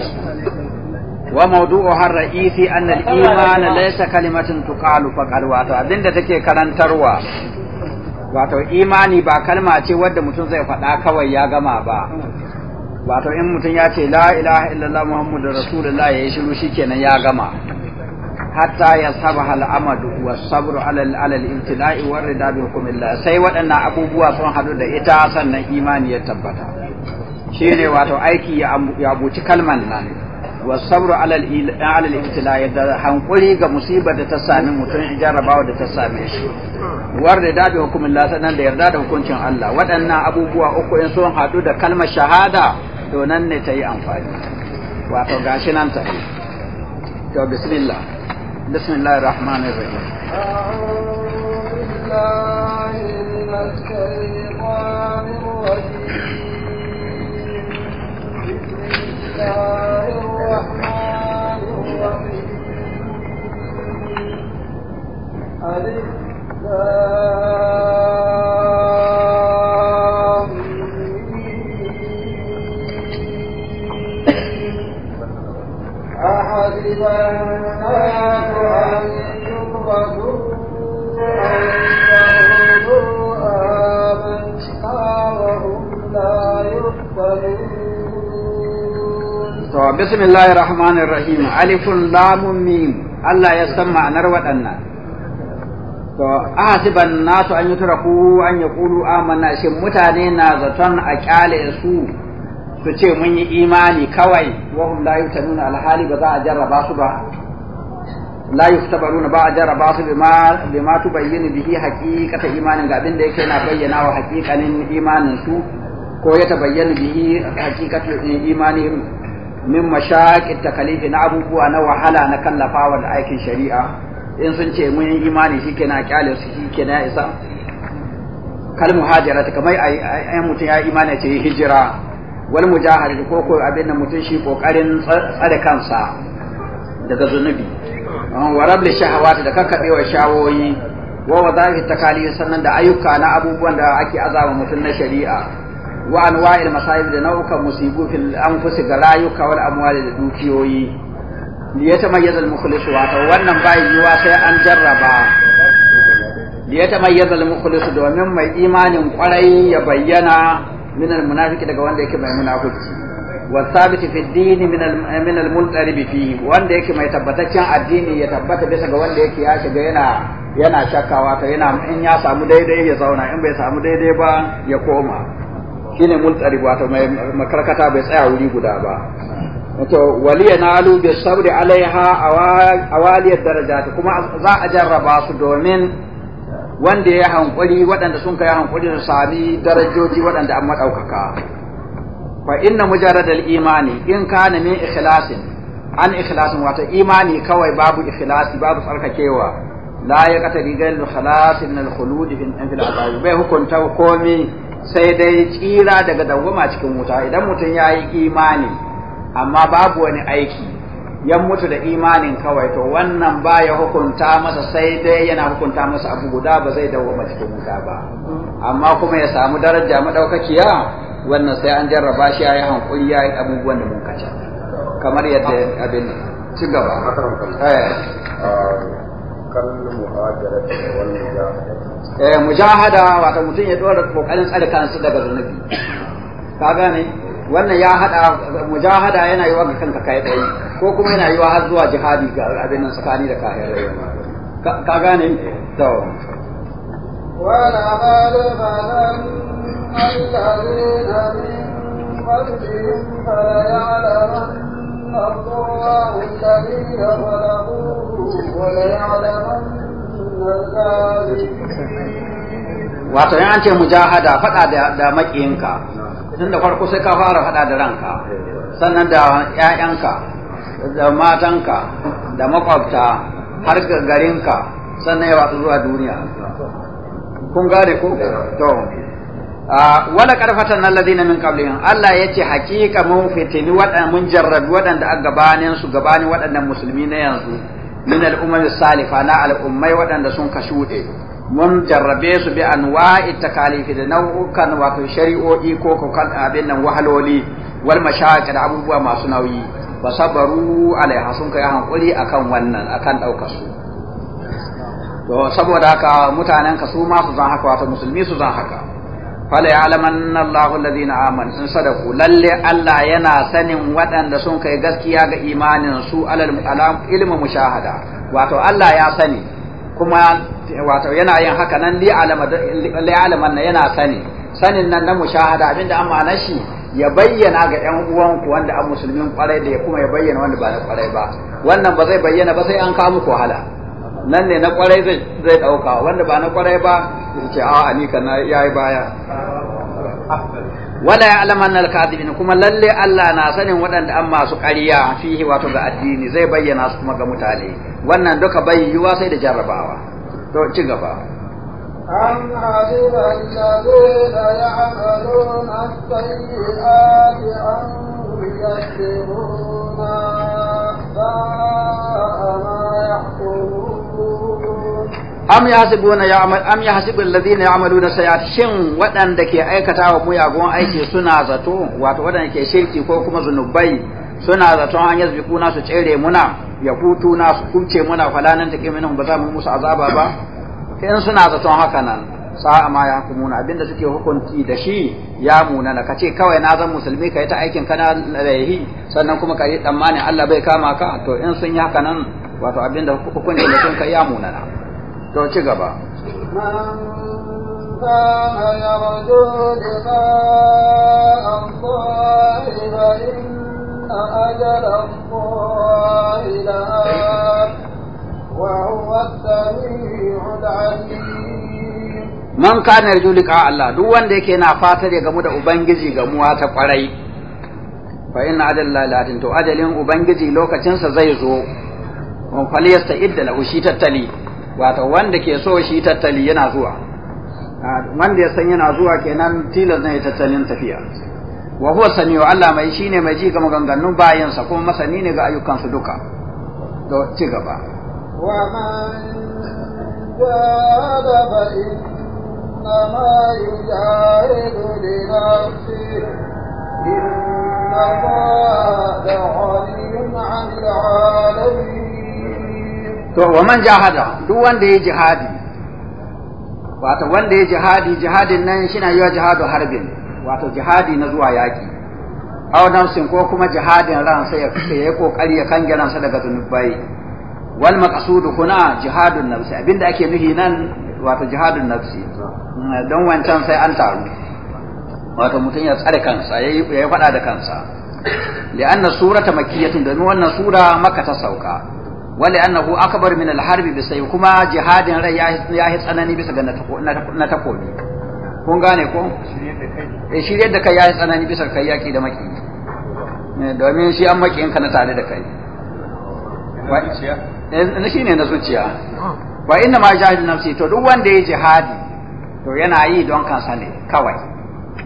wa mawdu'u har raisi anna al-iman laysa kalimatan tuqalu faqad wa abinda take karantarwa wato imani ba kalma ce wadda mutum zai faɗa kawai ya gama ba wato in mutum ya ce la ilaha illallah muhammadu rasulullah ya yi shiru shikenan ya gama hatta ya saba al'amadu wa sabru alal alal ibtila'i wa rida bi hukumillah sai waɗannan abubuwa sun hadu da ita sannan imani ya tabbata shine wato aiki ya abuci kalman nan wa sabru alal alal ibtila'i da hankuri ga musibar da ta sami mutum jarabawa da ta same shi warda da bi hukumin Allah sanan da yarda da hukuncin Allah waɗannan abubuwa uku in sun haɗu da kalmar shahada to nan ne ta yi amfani wato gashi nan ta yi to bismillah bismillahir rahmanir rahim أعوذ بالله to bismillahir rahmanir rahim alifun lamun mim Allah ya san ma'anar waɗannan to ahasiban nasu an yutraku an yaqulu amanna shin mutane na zaton a kyale su su ce mun yi imani kawai wa hum la yuftanuna alhali ba za a jarraba su ba la yuftabaruna ba a jarraba su bima bima tubayyinu bihi haqiqata imanin ga abin da yake na bayyana wa haqiqanin imanin su ko ya tabayyana bihi haqiqatu imanin. min mashaƙi takalifi na abubuwa na wahala na kallafawa da aikin shari'a in sun ce mun yi imani shi kenan kyale su shi kenan isa kal muhajira ta kamar ayyan mutum ya imani ce yi hijira wal mujahar ko ko abin da mutum shi kokarin tsare kansa daga zunubi warab rabli shahawati da kakkabewa shawoyi wa wadaihi takalifi sannan da ayyuka na abubuwan da ake azaba mutum na shari'a wa anwa'il masa'ib da nau'ukan musibu fil anfusi ga rayuka wal amwali da dukiyoyi li yatamayyaza al mukhlis wa ta wannan bai yiwa sai an jarraba li yatamayyaza al mukhlis domin mai imanin kwarai ya bayyana min al munafiki daga wanda yake mai munafiki wa sabit fi din min al min al muntarib fi wanda yake mai tabbataccen addini ya tabbata bisa ga wanda yake ya shiga yana yana shakkawa ta yana in ya samu daidai ya zauna in bai samu daidai ba ya koma shine multarib wato mai makarkata bai tsaya wuri guda ba to waliya nalu bi sabri alaiha awali darajat kuma za a jarraba su domin wanda ya hankuri waɗanda sun kai hankuri su sami darajoji waɗanda an madaukaka fa inna mujarrad al imani in kana min ikhlasin an ikhlasin wato imani kawai babu ikhlasi babu tsarkakewa la ya kata rigal khalas min al khulud fi al bai hukunta komai sai dai tsira daga dawwama cikin wuta idan mutum ya yi imani amma babu wani aiki ya mutu da imanin kawai to wannan ba ya hukunta masa sai dai yana hukunta masa abu guda ba zai dawwama cikin wuta ba amma kuma ya samu daraja madaukakiya wannan sai an jarraba shi ya yi hankuri ya yi abubuwan da mun kamar yadda abin ci gaba kan eh. ah, muhajara da wannan Eh, mujahada wato mutum ya dora kokarin tsare kansa daga zunubi ka gane wannan ya hada mujahada yana yi wa kanka kai dai ko kuma yana yi wa har zuwa jihadi ga abin nan tsakani da kafirai ka gane to wala ghaliban alladhina min qablihim fala ya'lamanna Allahu alladhina khalaqu wa la ya'lamanna wato yan ce mujahada faɗa da maƙiyinka tun da farko sai ka fara faɗa da ranka sannan da ‘ya'yanka da matanka da makwabta har ga garinka sannan ya zuwa duniya kun gane ko to wala karfatan alladhina min qablihim Allah yace hakika mun fitini waɗanda mun jarrabi waɗanda a gabanin su gabanin waɗannan musulmi na yanzu min al'ummar salifa na al'ummai waɗanda sun ka shuɗe mun jarrabe su bi anwa'i takalifi da nau'ukan wato shari'o'i ko kan abin nan wahaloli wal mashaqi da abubuwa masu nauyi fa sabaru alaiha sun kai hankuri akan wannan akan daukar su saboda mutanen ka su su zan haka wato musulmi su zan haka fala ya'lamanna Allahu alladhina amanu sun sadaku lalle Allah yana sanin waɗanda sun kai gaskiya ga imanin su alal alam ilmu mushahada wato Allah ya sani kuma wato yana yin haka nan li alamanna yana sani sanin nan na mushahada abinda an ma'ana shi ya bayyana ga ƴan uwanku wanda an musulmin kwarai da ya kuma ya bayyana wanda ba na kwarai ba wannan ba zai bayyana ba sai an kawo muku wahala nan ne na kwarai zai ɗauka wanda ba na kwarai ba ce a ni kana yi baya wala ya alaman al-kadibin kuma lalle Allah na sanin waɗanda an masu ƙarya fihi wato ga addini zai bayyana su kuma ga mutane wannan duka bai yiwa sai da jarrabawa to ci gaba أم حسب الذين يعملون السيئات أن يسلمون ساء ما يحكمون am ya ya'mal am hasibu alladhina ya'maluna sayyi'at shin waɗanda ke aikata wa aikatawa yagon aiki suna zato wato wadanda ke shirki ko kuma zunubai suna zato an kuna su tsere muna ya hutu na su kuce muna falanan take minhum ba za mu musu azaba ba in suna zato haka nan sa'a ma ya hukumuna abinda suke hukunci da shi ya munana ka ce kawai na zan musulmi ka yi ta aikin kana rayi sannan kuma ka yi tsammanin Allah bai kama ka to in sun yi haka nan wato abinda da sun kai ya munana to ci gaba كان يرجو لقاء الله فإن man kana yarju liqa Allah duk wanda yake na fatar ya gamu da ubangiji gamuwa ta kwarai fa inna ajalla la to ajalin ubangiji lokacinsa zai zo on faliyasta idda lahu shi tattali wato wanda ke so shi tattali yana zuwa wanda ya san yana zuwa kenan tilas ne tattalin tafiya wa huwa samiu Allah mai shine mai ji ga maganganun bayan sa kuma masani ne ga ayyukan su duka to ci gaba wa man ma to wa man jahada duk wanda ya jihadi wato wanda ya jihadi jihadin nan shine yiwa jihadu harbin wato jihadi na zuwa yaki aw sun ko kuma jihadin ran sai ya yi kokari ya kange ransa daga zunubai wal maqsud kuna jihadun nafsi abinda ake nuhi nan wato jihadun nafsi don wancan sai an taru wato mutum ya tsare kansa ya yi faɗa da kansa li'anna surata makkiyatun domin wannan sura maka ta sauka wale annahu akbar min al-harbi bisai kuma jihadin rai ya yi tsanani bisa ga na takobi kun gane ko shirye da kai eh, ya yi tsanani bisa kai yaki da maki eh, domin shi an maki ka na tare da kai eh, na shi ne na zuciya ah. wa inna ma jahil nafsi to duk wanda ya jihadi to yana yi don kansa ne kawai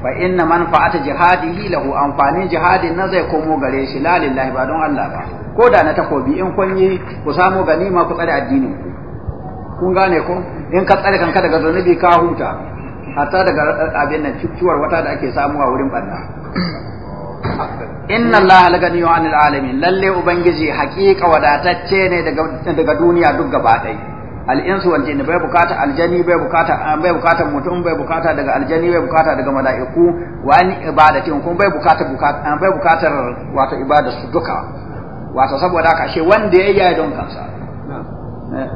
fa inna manfa'ata jihadihi lahu amfanin jihadin na zai komo gare shi la lillahi ba don Allah ba ko da na takobi in kun yi ku samu ganima ku tsare addinin ku kun gane ko in ka tsare kanka daga zunubi ka huta hatta daga eh, abin nan ciwar wata da ake samu a wurin barna inna allaha laganiyu anil alamin lalle ubangiji haqiqa wadatacce ne daga daga duniya duk gaba al al'insu wal jinni bai bukata aljani bai bukata eh, bai bukata mutum bai bukata daga aljani bai bukata daga mala'iku wa ibadatin kun bai bukata eh, bai bukatar wato ibadar su duka wato saboda haka shi wanda ya yi don kansa eh,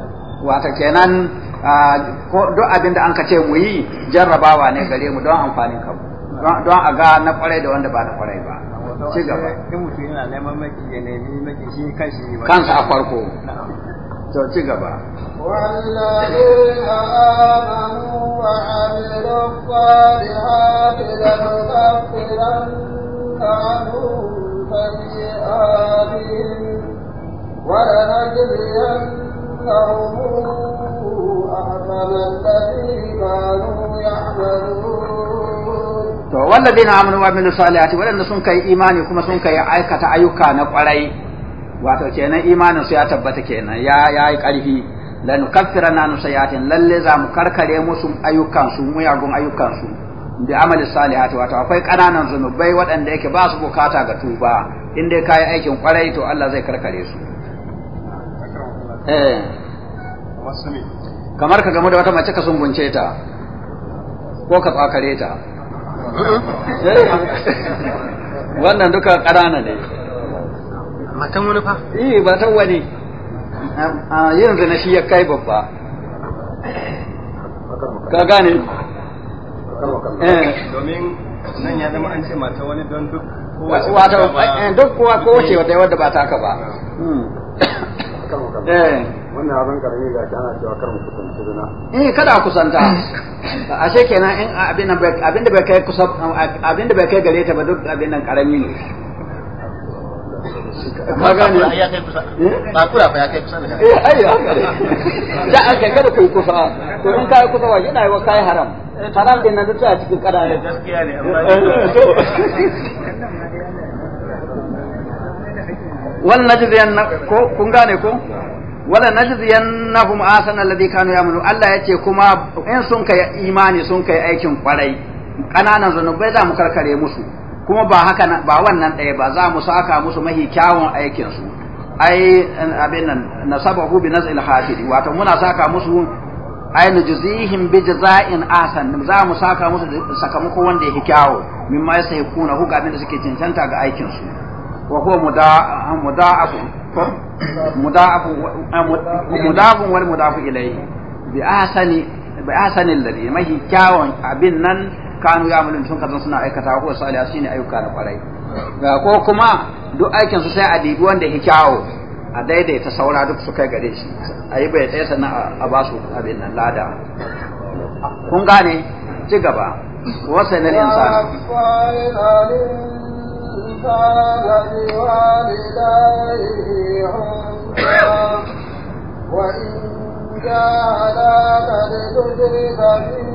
wato kenan ko duk abin da an ka ce mu yi jarrabawa ne gare mu don amfanin kanmu don a ga na kwarai da wanda ba na kwarai ba ci gaba in mutum yana neman maki ya nemi maki shi kanshi kansa a farko to ci gaba والذين آمنوا وعملوا الصالحات لنكفرن عنهم سيئاتهم ولنجزينهم أحسن الذي amanu wa amilus salihati waɗanda sun kai imani kuma sun kai aikata ayyuka na kwarai wato kenan imanin su ya tabbata kenan ya ya karfi lan na nu sayatin lalle za mu karkare musu ayyukan su muyagun ayyukan bi amali salihati wato akwai kananan zunubai waɗanda yake ba su bukata ga tuba in dai kayi aikin kwarai to Allah zai karkare su eh kamar ka gamu da wata mace ka sungunce ta ko ka tsakare ta eh. wannan duka ƙarana ne matan wani fa eh matan wani ah, yin zina shi ya kai babba ka gane Eh. domin nan ya zama an ce mata wani don duk eh, duk kowa ko wata wadda ba ta ka ba eh. hmm. wannan abin ga ana cewa kar mu kusanci eh kada kusanta ashe kenan in abin da bai kai kusa abin da bai kai gare ta ba duk abin nan karami ne ka gane ya kai kusa ba eh? ba ya kai kusa da eh ai haka ne da aka kada kai kusa to cikin kada ne eh, gaskiya ne amma eh, ko kun gane ko wala kuma in sun kai imani sun kai aikin kwarai ƙananan zanubai za mu karkare musu kuma ba haka ba wannan ɗaya ba za mu saka musu mahi kyawun aikin su ai abin nan nasabahu bi nazil hasidi wato muna saka musu ai nujzihim bi jazain ahsan za mu saka musu sakamako wanda yake kyawu mimma yasayquna hu ga abin da suke cancanta ga aikin su wa huwa muda'afu muda'afu eh, muda'afu wal muda'afu ilayhi bi ahsani bi ahsani alladhi mahi kyawun abin nan kanu ya mulin tun kazan suna aikata ko salih shine ayyuka na kwarai ga ko kuma duk aikin su sai a dibi wanda ya kyawo a daidaita saura duk su kai gare shi ayi bai tsaye sannan a ba su abin nan lada kun gane ci gaba wasa na insan وإن جاهداك لتشرك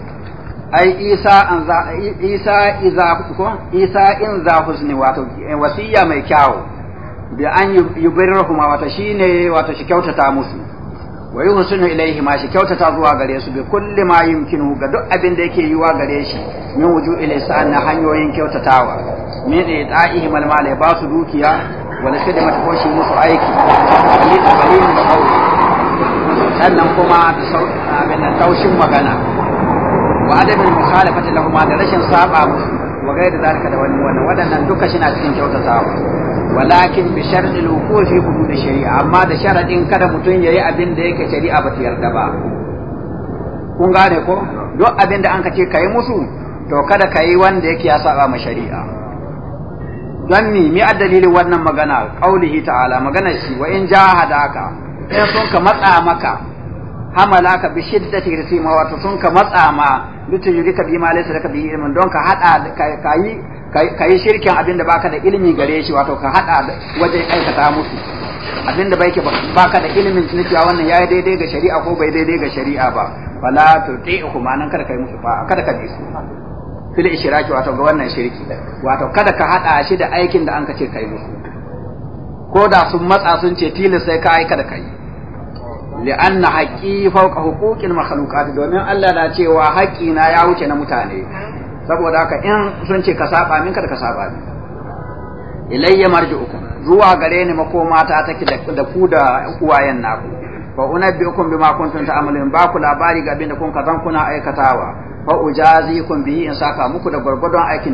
ai isa an za isa iza ko isa in za husni wato eh, wasiya mai kyau bi an kuma wato shine wato shi kyautata musu wa yuhsinu ilaihi ma shi kyautata zuwa gare su bi kulli ma yumkinu ga duk abin da yake yiwa gare shi min wuju ilaihi na hanyoyin kyautatawa min ita'ihi mal mala ba su dukiya wani khidmat mata shi musu aiki qalil qalil da qawli sannan kuma da taushin magana wa adamin mukhalafati lahum da rashin saba musu wa gaida zalika da wani wannan wadannan duka shi na cikin kyautatawa walakin bi shartil wuqu' bi shari'a amma da sharadin kada mutun yayi abin da yake shari'a ba ta yarda ba kun gane ko duk abin da an ka ce kai musu to kada kai wanda yake ya saba ma shari'a don ni, mi dalilin wannan magana ƙaulihi ta'ala magana shi wa in jahadaka in so ka matsa maka hamalaka bi shiddati ritima wato sun ka matsa ma ka bi ma laysa laka bi ilmin don ka hada kai kai shirkin abin da baka da ilimi gare shi wato ka hada waje aikata musu abin da bake baka da ilimin cewa wannan yayi daidai ga shari'a ko bai daidai ga shari'a ba wala kuma nan kada kai musu ba kada ka bi su fil ishraki wato ga wannan shirki wato kada ka hada shi da aikin da an ka ce kai musu ko da sun matsa sun ce tilin sai ka aika da kai li'anna haqqi fawqa huquqil makhluqat domin Allah na cewa hakki na ya wuce na mutane saboda haka in sun ce ka saba min kada ka saba min ilayya marji'ukum zuwa gare da ku da uwayen naku fa unabbi'ukum ku labari in saka muku da gurgurdon aikin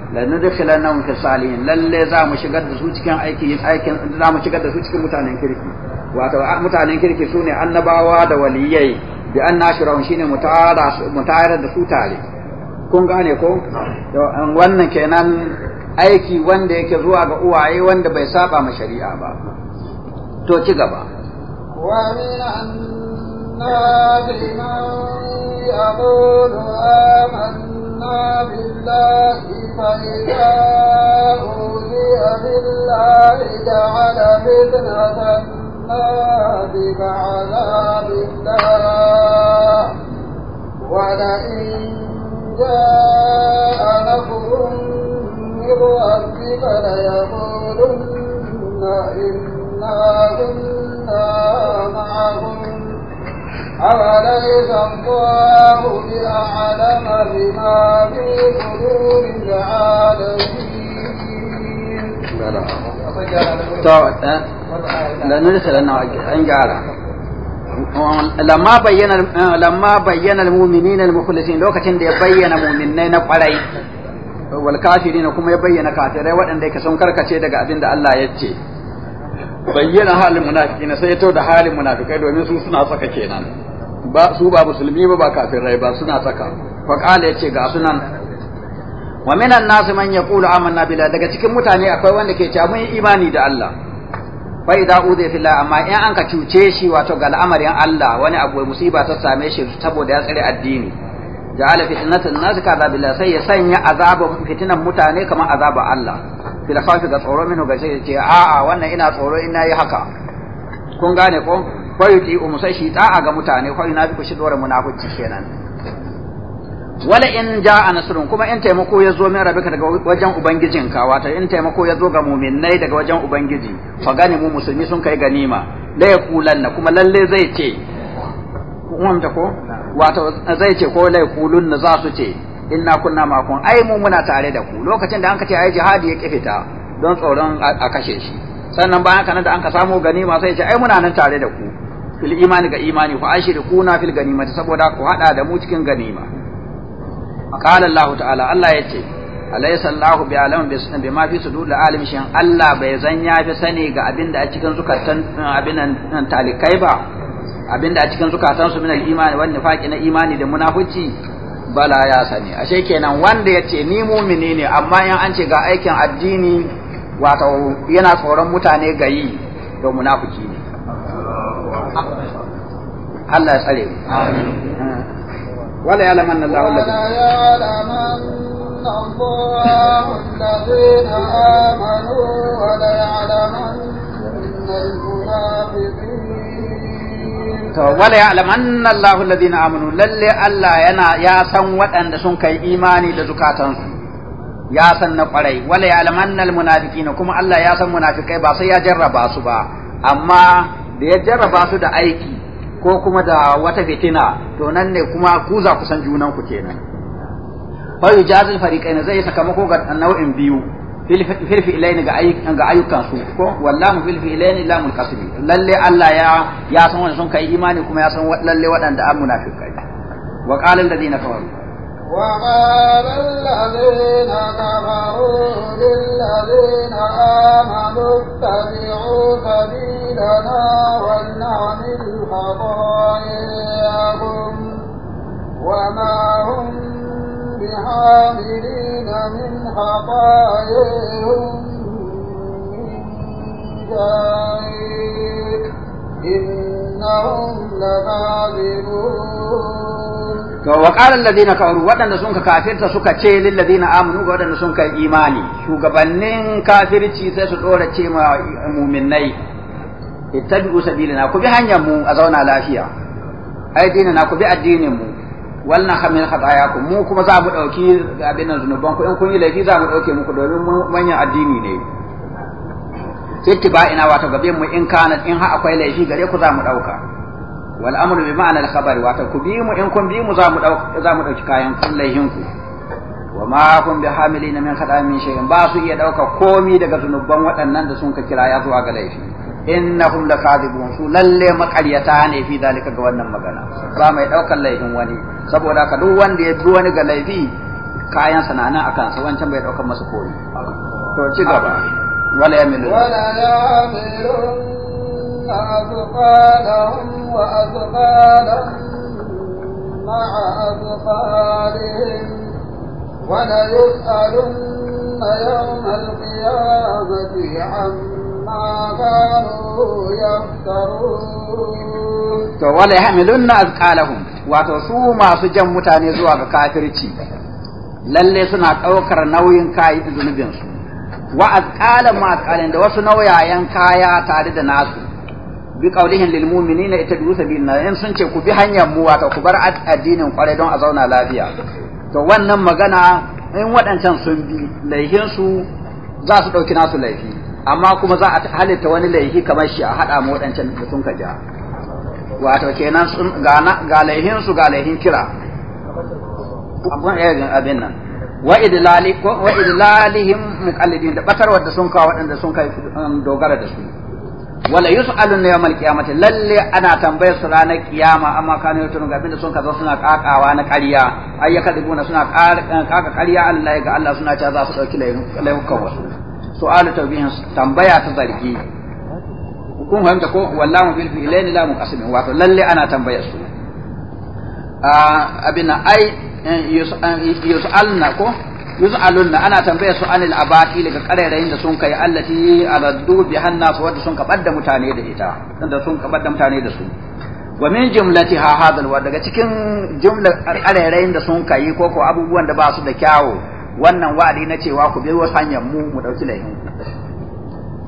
lanudkhilannahum ka salihin lalle za mu shigar da su cikin aikin aikin za mu shigar da su cikin mutanen kirki wato mutanen kirki sune annabawa da waliyai bi an nashirahum shine mutara mutara da su tare kun gane ko wannan kenan aiki wanda yake zuwa ga uwaye wanda bai saba ma shari'a ba to ci gaba wa min annabi man yaqulu amanna آمنا بالله فإذا أوذي بالله جعل فتنة الناس كعذاب الله ولئن جاء نصر من ربك ليقولن إنا كنا معكم أوليس الله بأعلم بما في قلوب العالمين لنرسلن an gyara lamma bayyana lamma bayyana almu'minina lokacin da ya bayyana mu'minnai na kwarai wal kafirin kuma ya bayyana kafirai waɗanda yake sun karkace daga abin da Allah ya ce bayyana halin munafiqina sai ya tauda halin munafikai domin su suna saka kenan ba su ba musulmi ba ba kafirai ba suna tsaka fa qala yace ga sunan wa minan nas man yaqulu amanna billah daga cikin mutane akwai wanda ke cewa mun imani da Allah fa idza udhi fillah amma in an ka cuce shi wato ga al'amarin Allah wani abu musiba ta same shi saboda ya tsare addini ja'ala fitnatan nas ka billah sai ya sanya azaba fitinan mutane kamar azabun Allah fil ga tsoro minhu ga shi ce a'a wannan ina tsoro ina yi haka kun gane ko fa yuti um sai shi ta'a ga mutane fa ina bi shi dora munafici kenan wala in ja'a nasrun kuma in taimako ya zo min rabika daga wajen ubangijinka wata in taimako ya zo ga muminai daga wajen ubangiji fa gani mu musulmi sun kai ganima la na kuma lalle zai ce kun ko wato zai ce ko la na za su ce inna kunna makon ai mu muna tare da ku lokacin da an ka ce ai jihadi ya kifita don tsoron a kashe shi sannan bayan kana da an ka samu ganima sai ce ai muna nan tare da ku fil imani ga imani fa kuna fil ganimati saboda ku hada da mu cikin ganima qala Allah ta'ala Allah yace alaysa Allah bi alam bi ma fi sudul alim shin Allah bai zan ya fi sani ga abinda a cikin zukatan abinan talikai ba abinda a cikin zukatan su min al imani wanda faqi na imani da munafici bala ya sani ashe kenan wanda yace ni mumini ne amma in an ce ga aikin addini wato yana tsoron mutane gayi to munafiki ne Allah ya tsare mu wala ya anna Allah wala ya ya'lamu Allah alladhina amanu wala ya Al-Hussein ya'lamu to wala ya ya'lamanna Allah alladhina amanu lalle Allah yana ya san waɗanda sun kai imani da zukatansu ya san na ƙwarai wala ya ya'lamanna almunafiqina kuma Allah ya san munafikai ba sai ya jarraba su ba amma da ya jarraba su da aiki ko kuma da wata fitina to nan ne kuma ku za ku san junan ku kenan fa yujazil fariqain zai sakamako ga nau'in biyu fil fi'lain ga ayyukan ga ayyukan su ko wallahu fil fi'lain la mulkasibi lalle Allah ya ya san wanda sun kai imani kuma ya san lalle waɗanda an kai wa qala alladhina kafaru وقال الذين كفروا للذين آمنوا اتبعوا سبيلنا ولنعمل خطاياكم وما هم بحاملين من خطاياهم من إنهم لكاذبون wa qala alladhina kafaru wadanda sun ka kafirta suka ce lil ladina amanu ga wadanda sun ka imani shugabannin kafirci sai su dora ce ma mu'minnai ittabi'u sabilana ku bi hanyar mu a zauna lafiya ai dinana ku bi addinin mu wallan khamil khatayakum mu kuma za mu dauki abin nan zunuban ku in kun yi laifi za mu dauke muku domin manyan addini ne ittiba'ina wato gabe mu in kana in ha akwai laifi gare ku za mu dauka wal amru bi mana al khabar wato ku bi in kun bi za mu za mu dauki kayan kullahin ku wa ma kun bi hamilina min khata'i min shay'in ba su iya dauka komi daga zunuban waɗannan da sun ka kira ya zuwa ga laifi innahum lakadibun su lalle makaryata ne fi dalika ga wannan magana ba mai daukan laifin wani saboda ka duk wanda ya bi wani ga laifi kayan sana'ana akan sa wancan bai daukan masa komi to ci gaba wala ya wala أثقالهم وأثقالا مع أثقالهم وليسألن يوم القيامة عما كانوا يفترون to wala yahmilunna azqalahum wato su masu jan mutane zuwa ga kafirci lalle suna ɗaukar nauyin kayi zunubinsu wa azkalan ma azqalan da wasu nauyayen kaya tare da nasu bi qawlihin lil mu'minina ittabi'u sabilna in sun ce ku bi hanyar mu wato ku bar addinin kwarai don a zauna lafiya to wannan magana in waɗancan sun bi laihin su za su ɗauki nasu laifi amma kuma za a halitta wani laifi kamar shi a haɗa mu waɗancan da sun ka ja wato kenan sun ga laihin su ga laihin kira eh, abin nan wa idlalihim muqallidin da batar wadda sun kawo waɗanda sun kai um, dogara da su wala yus'alun yawmal qiyamati lalle ana tambayar su ranar kiyama amma kana yato ga abinda sun kaza suna kakawa na ƙarya ai yakadibuna suna eh, kaka ƙarya Allah ga Allah suna cewa za su dauki laifukan wasu su'alu tawbihin tambaya ta zargi kun fahimta ko wallahu bil fi'lain la muqasimin wato lalle ana tambayar su ah, abin ai eh, eh, yus'alna ko yuz'alunna ana tambaye su anil abati daga karerayin da sun kai allati aladdu bi hannas wadda sun kabar da mutane da ita da sun kabar da mutane da su wa min jumlati ha hadal wa daga cikin jumlar karerayin da sun kai ko ko abubuwan da ba su da kyawu wannan wa'adi na cewa ku bi wasu hanyar mu mu dauki laihin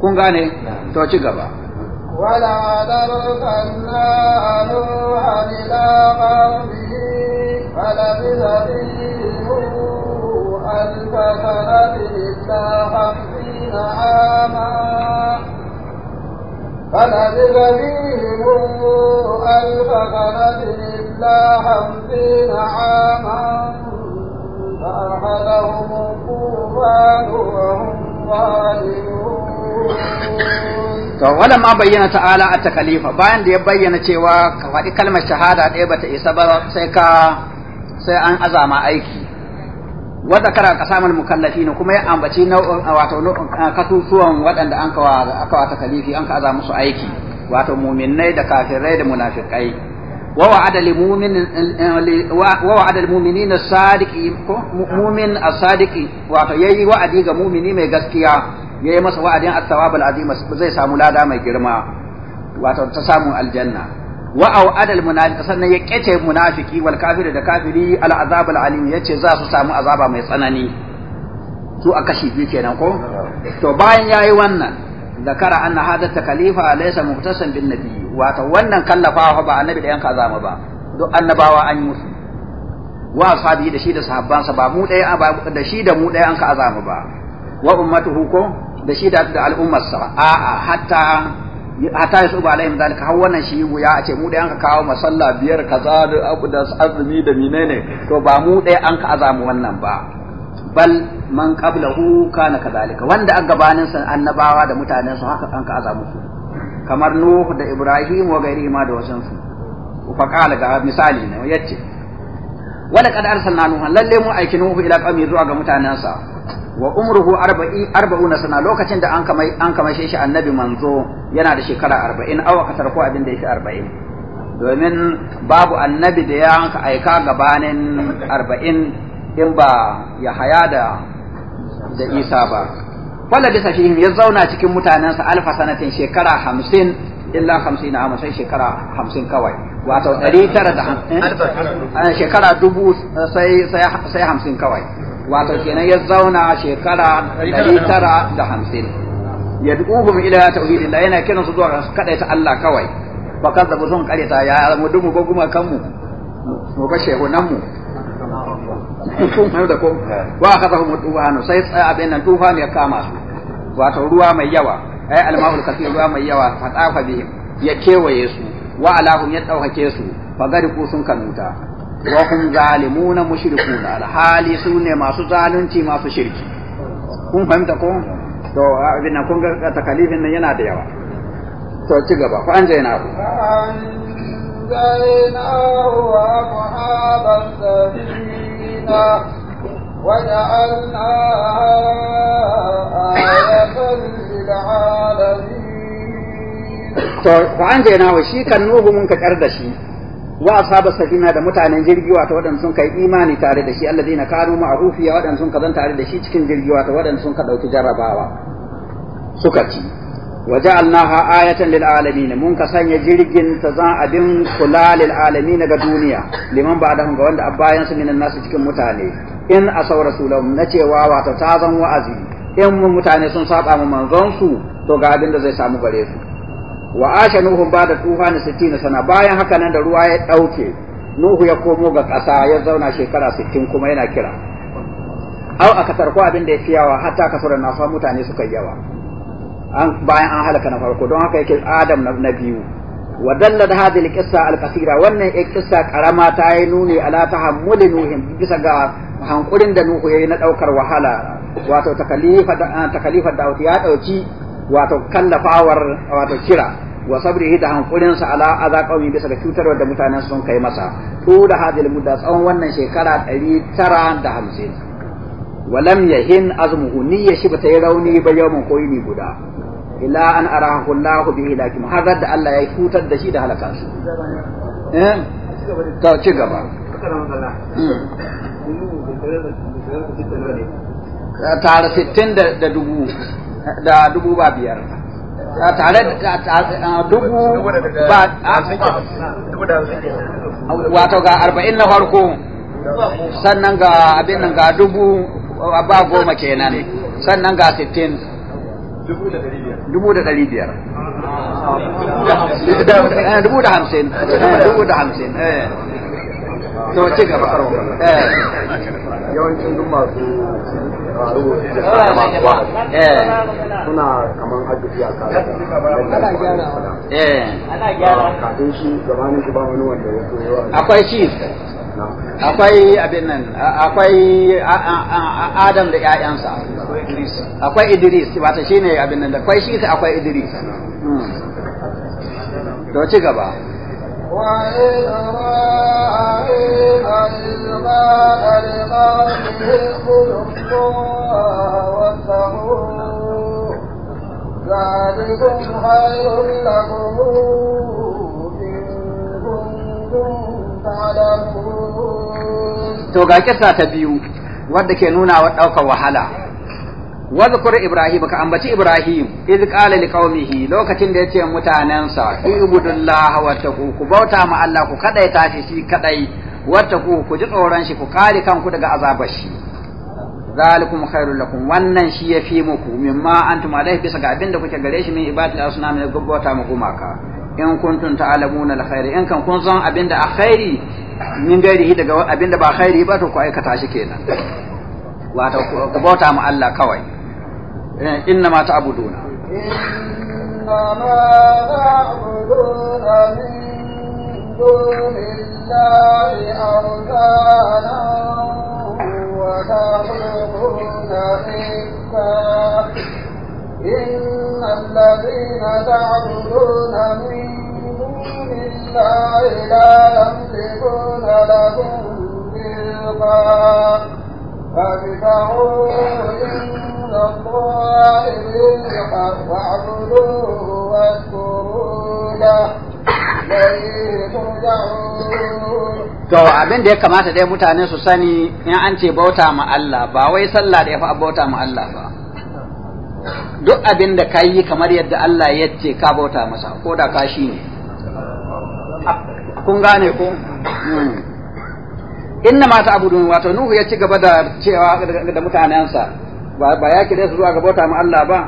kun gane to ci gaba ولا تركنا نوحا إلى قومه فلبث فيهم ألف سنة إلا خمسين ألف سنة إلا خمسين فأخذهم وهم to wannan ma bayyana ta'ala a takalifa bayan da ya bayyana cewa ka faɗi kalmar shahada ɗaya bata isa ba sai ka sai an azama aiki ka zakara qasamal mukallafin kuma ya ambaci nau'in wato kasusuwan waɗanda an kawa aka wata kalifi an ka aza musu aiki wato mu'minnai da kafirai da munafiqai wa wa'ada lil mu'min wa wa'ada lil mu'minin as-sadiqi mu'min as-sadiqi wato yayi wa'adi ga mu'mini mai gaskiya yayi masa wa'adin at-thawab al-azim zai samu lada mai girma wato ta samu aljanna wa aw adal munafiq sannan ya kece munafiki wal kafiri da kafiri al azab al alim yace za su samu azaba mai tsanani su a kashi biyu kenan ko to bayan yayi wannan zakara anna hada takalifa laysa muhtasan bin nabi wato wannan kallafawa ba annabi da yanka azama ba duk annabawa an yi musu wa ashabi da shi da sahabbansa ba mu ɗaya da shi da mu ɗaya an ka azama ba wa ko da shi da a'a hatta hatta ya tsuba alaihim zalika har wannan shi wuya a ce mu an ka kawo masalla biyar kaza da abu da azumi da menene to ba mu dai an ka azamu wannan ba bal man qablahu kana kadalika wanda an gabanin san annabawa da mutanen su haka an ka azamu su kamar nuh da ibrahim wa gairi ma da wasan su fa qala ga misali ne yace wala kad arsalna nuh lalle mu aikinu ila qami zuwa ga sa wa umruhu arba'una sana lokacin da an kamai an kamashe shi annabi manzo yana da shekara 40 awa kasar ko abin da yake 40 domin babu annabi da ya anka aika gabanin 40 in ba ya haya da da Isa ba wala bisa shi ya zauna cikin mutanensa alfa sanatin shekara 50 illa 50 amma sai shekara 50 kawai wato 900 eh, shekara dubu eh, sai sai 50 kawai wato kenan ya zauna shekara 950 yad'uhum ila da yana kiran su zuwa kaɗai ta Allah kawai Ba fa kazzabu sun ta ya mu dumu ko kuma kanmu mu ba shehunan mu wa ka da mu wa akadahum tufanu sai abin nan tufanu ya kama su wato ruwa mai yawa ai almahul kafi ruwa mai yawa fa tsafa bihim ya kewaye su wa alahum ya dauhake su fa gari gariku sun kanuta wa hum zalimuna mushrikuna alhali sune masu zalunci masu shirki kun fahimta ko to abin kun ga takalifin nan yana da yawa to ci gaba fa an jaina ku To, fa an jaina wa shi kan Nuhu mun ka kar da shi, wa asaba safina da mutanen jirgi wato waɗanda sun kai imani tare da shi alladina kanu ma'ahu fi waɗanda sun kazanta tare da shi cikin jirgi wato waɗanda sun ka dauki jarrabawa suka ci waja'alnaha ayatan lil alamin mun ka sanya jirgin ta zan abin kula lil alamin ga duniya liman ba'dahum ga wanda abayan su minan nasu cikin mutane in asaw rasulun na cewa wato ta zan wa'azi in mutane sun saba mu manzon su to ga abin da zai samu gare su wa asha nuhun ba da tufani sittina sana bayan haka nan da ruwa ya ɗauke nuhu ya komo ga ƙasa ya zauna shekara sittin kuma yana kira au aka tarko abin da ya fi yawa hatta kasar na fa mutane suka yawa bayan an halaka na farko don haka yake adam na biyu wa dalla da hadhihi alqissa alqasira wannan kissa karama ta yi nuni ala tahammuli nuhin bisa ga hankurin da nuhu yayi na daukar wahala wato takalifa da takalifa da ya dauki wato kallafawar wato kira wa sabrihi da hankulin sa ala aza qaumi bisa da cutarwar da mutanen sun kai masa to da hadil mudda tsawon wannan shekara 950 walam yahin azmuhu niyya shi bata yi rauni ba yawan koyini guda ila an arahu Allah bi ilaki Har da Allah ya cutar da shi da halaka su eh ta ci gaba hmm. tare sittin da dubu da dubu ba biyar a tare da dubu ba wato ga arba'in na farko sannan ga abin nan ga dubu ba goma kenan sannan ga sittin dubu da ɗari biyar dubu da eh, hamsin dubu da hamsin eh. to ci gaba yawancin duk masu suna kaman a ana gyara kafin shi gabanin shi ba wani wanda ya so yawa akwai shi akwai abin nan akwai adam da ƴaƴansa akwai idris wata shine abin nan da akwai shi akwai idris hmm. to ci gaba To ga kisa ta biyu wadda ke nuna wa ɗaukar wahala. wadhkur ibrahim ka ambaci ibrahim iz qala liqaumihi lokacin da yace mutanansa ibudullaha wattaqu ku bauta ma Allah ku kadai tashi shi kadai wattaqu ku ji tsoron shi ku kare kanku daga azabar shi zalikum khairul lakum wannan shi yafi muku mimma antum alaihi bisa ga abinda kuke gare shi min ibadatul asnam ne gubota mu gumaka in kuntum ta'lamuna alkhairi in kan kun san abin da akhairi min gairihi daga abinda ba khairi ba to ku aikata shi kenan wato ku bauta mu Allah kawai إنما تعبدون إنما تعبدون من دون الله أوثانا وتعبدون إفكا إن الذين تعبدون من دون الله لا يملكون لهم بالقاء To abin da ya kamata dai mutane su sani in an ce bauta ma Allah ba wai sallah da ya fi bauta ma Allah ba. Duk abin da ka yi kamar yadda Allah ya ce ka bauta masa ko da ka shi ne. Kun gane ko? Hmm. inna ma ta'budun wato nuhu ya ci gaba da cewa da mutanansa ba ya kire su zuwa ga bauta mu Allah ba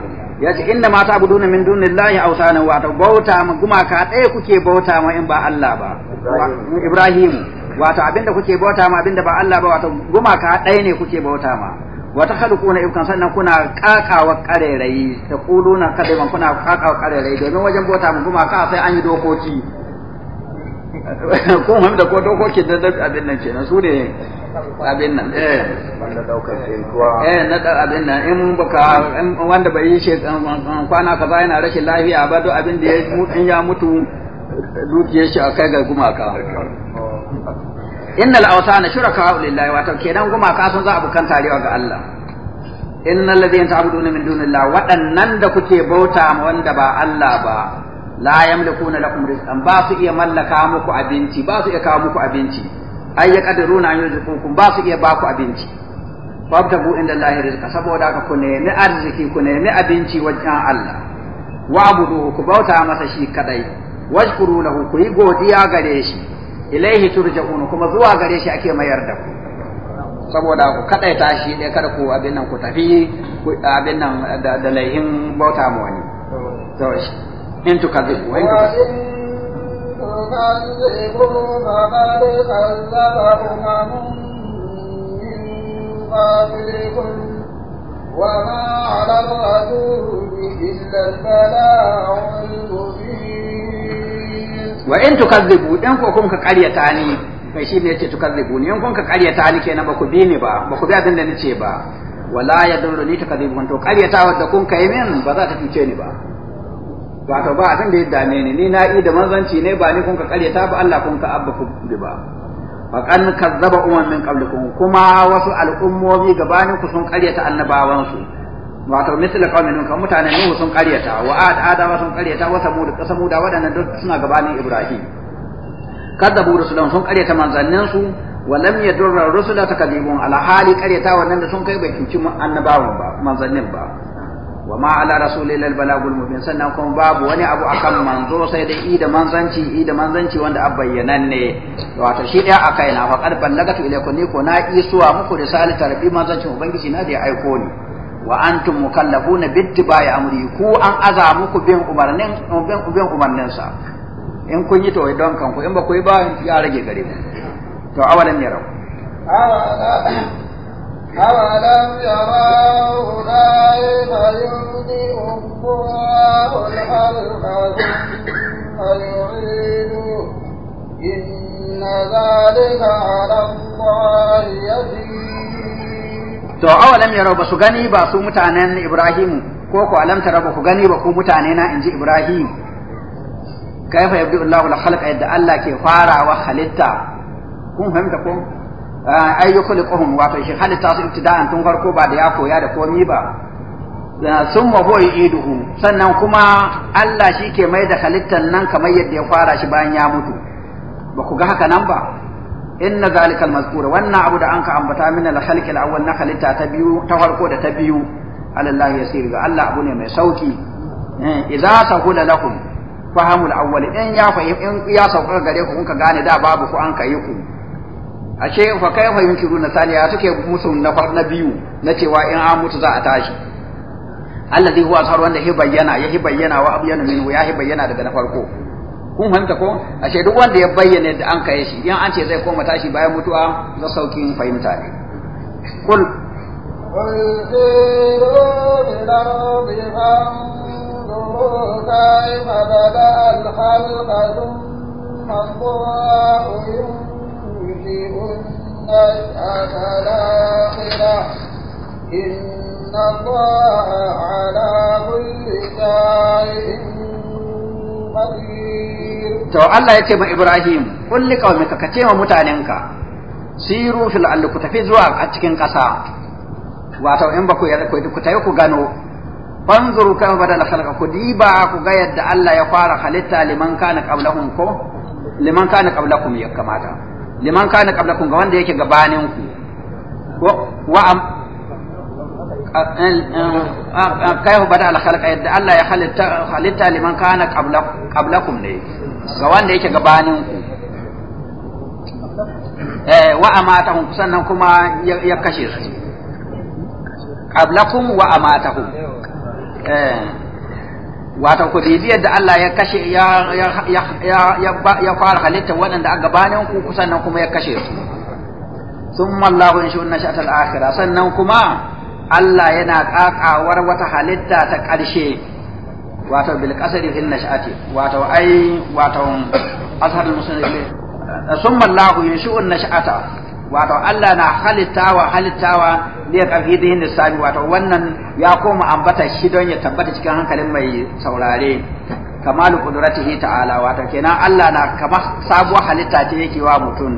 ya ce inna ma ta'budun min dunillahi awsana wato bauta mu gumaka ɗaya kuke bauta ma in ba Allah ba Ibrahim wato abinda kuke bauta ma abinda ba Allah ba wato gumaka ɗaya ne kuke bauta ma wata khalquna ibkan sannan kuna kakawa karerai ta kuluna kadiban kuna kakawa karerai domin wajen bauta mu gumaka sai an yi dokoki ko mun da ko dokokin da abin nan kenan su ne abin nan eh eh na da abin nan in baka wanda bai yi kwana kaza yana rashin lafiya ba duk abin da in ya mutu dukiyar shi kai ga gumaka innal awsana shuraka lillahi wa kenan gumaka sun za abukan tarewa ga Allah innal ladina ta'buduna min dunillahi waɗannan da kuke bauta wanda ba Allah ba la yamlikuna lakum rizqan ba su iya mallaka muku abinci ba su iya kawo muku abinci ay yaqdiruna an yuzqukum ba su iya ba ku abinci fabtabu inda Allah rizqa saboda haka ku nemi arziki ku nemi abinci wajen Allah wa'buduhu ku bauta masa shi kadai washkuru lahu ku yi godiya gare shi ilaihi turja'un kuma zuwa gare shi ake mayar da ku saboda ku kadaita shi dai kada ku abin nan ku tafi abin nan da laihin bauta mu wani to in tukazzibu wa in tukazzibu faqad kazzaba umamun min qablikum وما على shi ne yace tukazzibu ne in ka karyata ni kenan baku bi ni ba baku bi abin da nace ba wala ya yadurru ni tukazzibu to karyata wadda kun kai min ba za ta cuce ni ba wato ba abin da ya dame ni ni na yi da manzanci ne ba ni kun ka karyata ba Allah kun ka abba ku ba fa kan kazzaba umman min qablikum kuma wasu al'ummomi gabanin ku sun karyata annabawan su wato misal qaumin kan mutanen Nuhu sun karyata wa ad adam sun karyata wa samud da wadannan duk suna gabanin Ibrahim kazzabu rusulun sun karyata manzannin su wa lam yadurra rusula kadibun ala hali karyata wannan da sun kai bai cin annabawan ba manzannin ba wa ma ala rasulil balagul mubin sannan kuma babu wani abu akan manzo sai dai i da manzanci i da manzanci wanda abbayyanan ne wato shi dai akai na fa qad ballagatu ilaykum ni ko na isuwa muku risalatu rabbi manzancin ubangiji na da ya aiko ni wa antum mukallafuna bittiba'i amri ku an aza muku bin umarnin bin umarnin sa in kun yi to don kanku in ba ku yi ba ya rage gare mu to awalan yarau أولم يروا كيف يبدئ الله الخلق ثم يعيده إن ذلك على الله يسير. To awalam ya ba su gani ba su mutanen Ibrahimu ko ku alam tara ba ku gani ba ku mutane na ji Ibrahim kaifa yabdi Allahu al yadda Allah ke farawa halitta kun fahimta ko ay yukhliquhum wato shi halitta su ibtida'an tun farko ba da ya koya da komai ba sun ma huwa sannan kuma Allah shi ke mai da halittan nan kamar yadda ya fara shi bayan ya mutu ba ku ga haka nan ba inna zalikal mazkura wannan abu da anka ambata min al khalq al awwal na halitta ta biyu ta farko da ta biyu Allah sirri ga Allah abu ne mai sauki idza sahula lakum fahamul awwal in ya fahim in ya sauka gare ku kun ka gane da babu ku an kai ku a ce fa kai fa yunkiru na saniya suke musu na far na biyu na cewa in an mutu za a tashi allazi huwa sar wanda ya bayyana ya bayyana wa abyana minhu ya bayyana daga na farko kun fahimta ko ashe duk wanda ya bayyana da an kai shi in an ce zai koma tashi bayan mutuwa za saukin fahimta ne kul قل يُحْيِيهِنَّ الْآخِرَةَ إِنَّ اللَّهَ عَلَى كُلِّ شَيْءٍ قَدِيرٌ to Allah ya ce ma Ibrahim kulli qaumika ka ce wa mutanenka siru fil al ku tafi zuwa a cikin ƙasa wato in ba ku yarda ku ku tayi ku gano fanzuru kan badal khalqa ku diba ku ga yadda Allah ya fara halitta liman kana qablahum ko liman kana qablakum ya kamata liman kana kun ga wanda yake gabanin ku wa eh, eh, kai hu bada alkhalqa yadda Allah ya halitta halitta liman kana qablakum ne ga wanda yake gabanin ku eh wa amatahum sannan kuma ya kashe su qablakum wa amatahum eh watan ku bibiyar da Allah ya kashe ya ya fara halitta waɗanda a gabanin ku kusan nan kuma ya kashe su thumma Allahu yashuru nashat al-akhirah sannan kuma Allah yana kakawar wata halitta ta ƙarshe wato bil qasri fil nashati wato ai wato azharul muslimin wato Allah na halittawa halittawa ne da fidihin sami wato wannan ya koma ambata shi don ya tabbata cikin hankalin mai saurare kamalu kudratihi ta'ala wato kenan Allah na kama sabuwar halitta ce yake wa mutum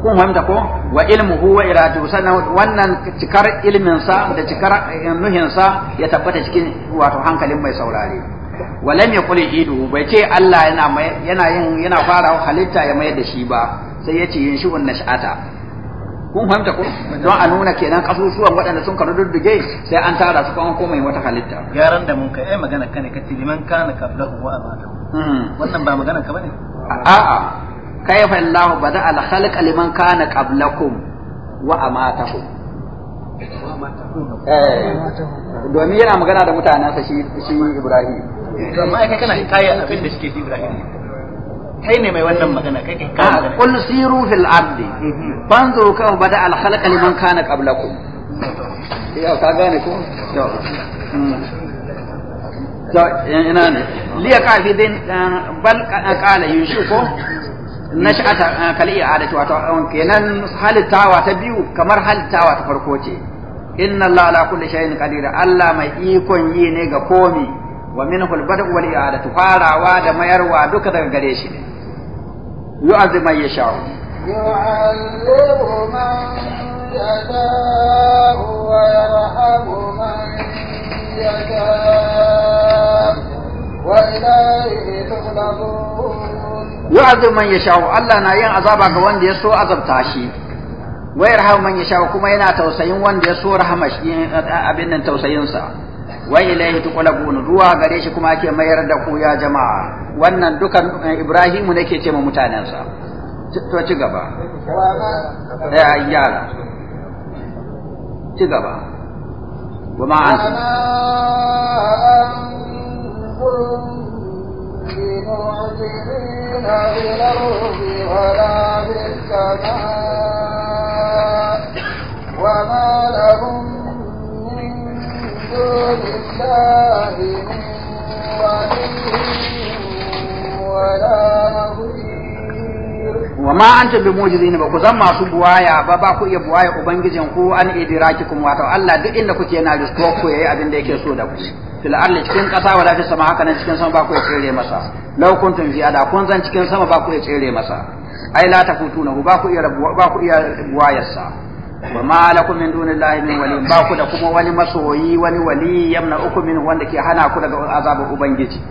kun fahimta ko wa ilmu huwa iradu sannan wannan cikar ilmin sa da cikar nuhin ya tabbata cikin wato hankalin mai saurare walam ya kuli idu bai ce Allah yana yana yin yana fara halitta ya mayar da shi ba sai ya ce yin shi wannan sha'ata kun fahimta ko don a nuna kenan kasusuwan waɗanda sun karu dudduge sai an tara su kuma komai wata halitta yaran da mun kai ai magana kane ka tiliman kana qablahu wa hmm. wannan ba magana ka bane a'a kayfa Allah bada al khalq liman kana qablakum wa amatakum eh. domin yana magana da mutanensa shi Ibrahim to amma kai kana hikaya abin da suke fi Ibrahim kai ne mai wannan magana kai kai ka qul siru fil ardi fanzuru kayfa bada al khalaqa liman kana qablakum ya ka gane ko to hmm. ina ne liya eh, ka fi din bal qala yushiku nash'ata eh, kal i'adatu wa eh, kenan halittawa ta biyu kamar halittawa ta farko ce inna allaha ala kulli shay'in qadir allah mai ikon yi ne ga komi wa min al wal farawa da mayarwa duka daga gare shi ne yu man yasha sha'u. yu man yasha wa Allah na yin azaba ga wanda ya so azabta shi wa yarhamu man yasha kuma yana tausayin wanda ya so rahama shi abin nan tausayin sa wa ilaihi tuqlabun ruwa gare shi kuma ake mayar da ku ya jama'a wannan dukan eh, Ibrahimu nake ce ma mutanensa to ci gaba eh, ya ayyala ci gaba kuma an وما لهم wa ma anta bi mujizina ba ku zan masu buwaya ba ba ku iya buwaya ubangijin ku an kuma wato Allah duk inda kuke yana risko ku yayi abin da yake so da ku fil ardi cikin kasa wa fi sama haka nan cikin sama ba ku iya tsere masa law kuntum fi ada kun zan cikin sama ba ku iya tsere masa ai la tafutuna ba ku iya ba ku iya buwayar sa wa ma lakum min dunillahi min wali ba ku da kuma wani masoyi wani wali yamna uku min wanda ke hana ku daga azabar ubangiji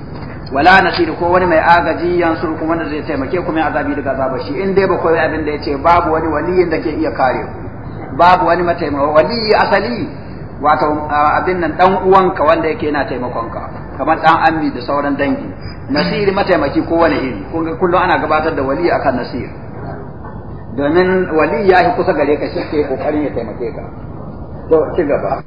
wala nasir ko wani mai agaji yansur kuma wanda zai taimake ku min azabi daga azabar shi in dai ba koyi abin da yace babu wani wali da ke iya kare ku babu wani mataimako wali asali wato abin nan dan uwanka wanda yake yana taimakon ka kamar dan ammi da sauran dangi nasiri mataimaki ko wani iri kullum ana gabatar da wali akan nasiri domin wali ya kusa gare ka shi ke kokarin ya taimake ka to ci gaba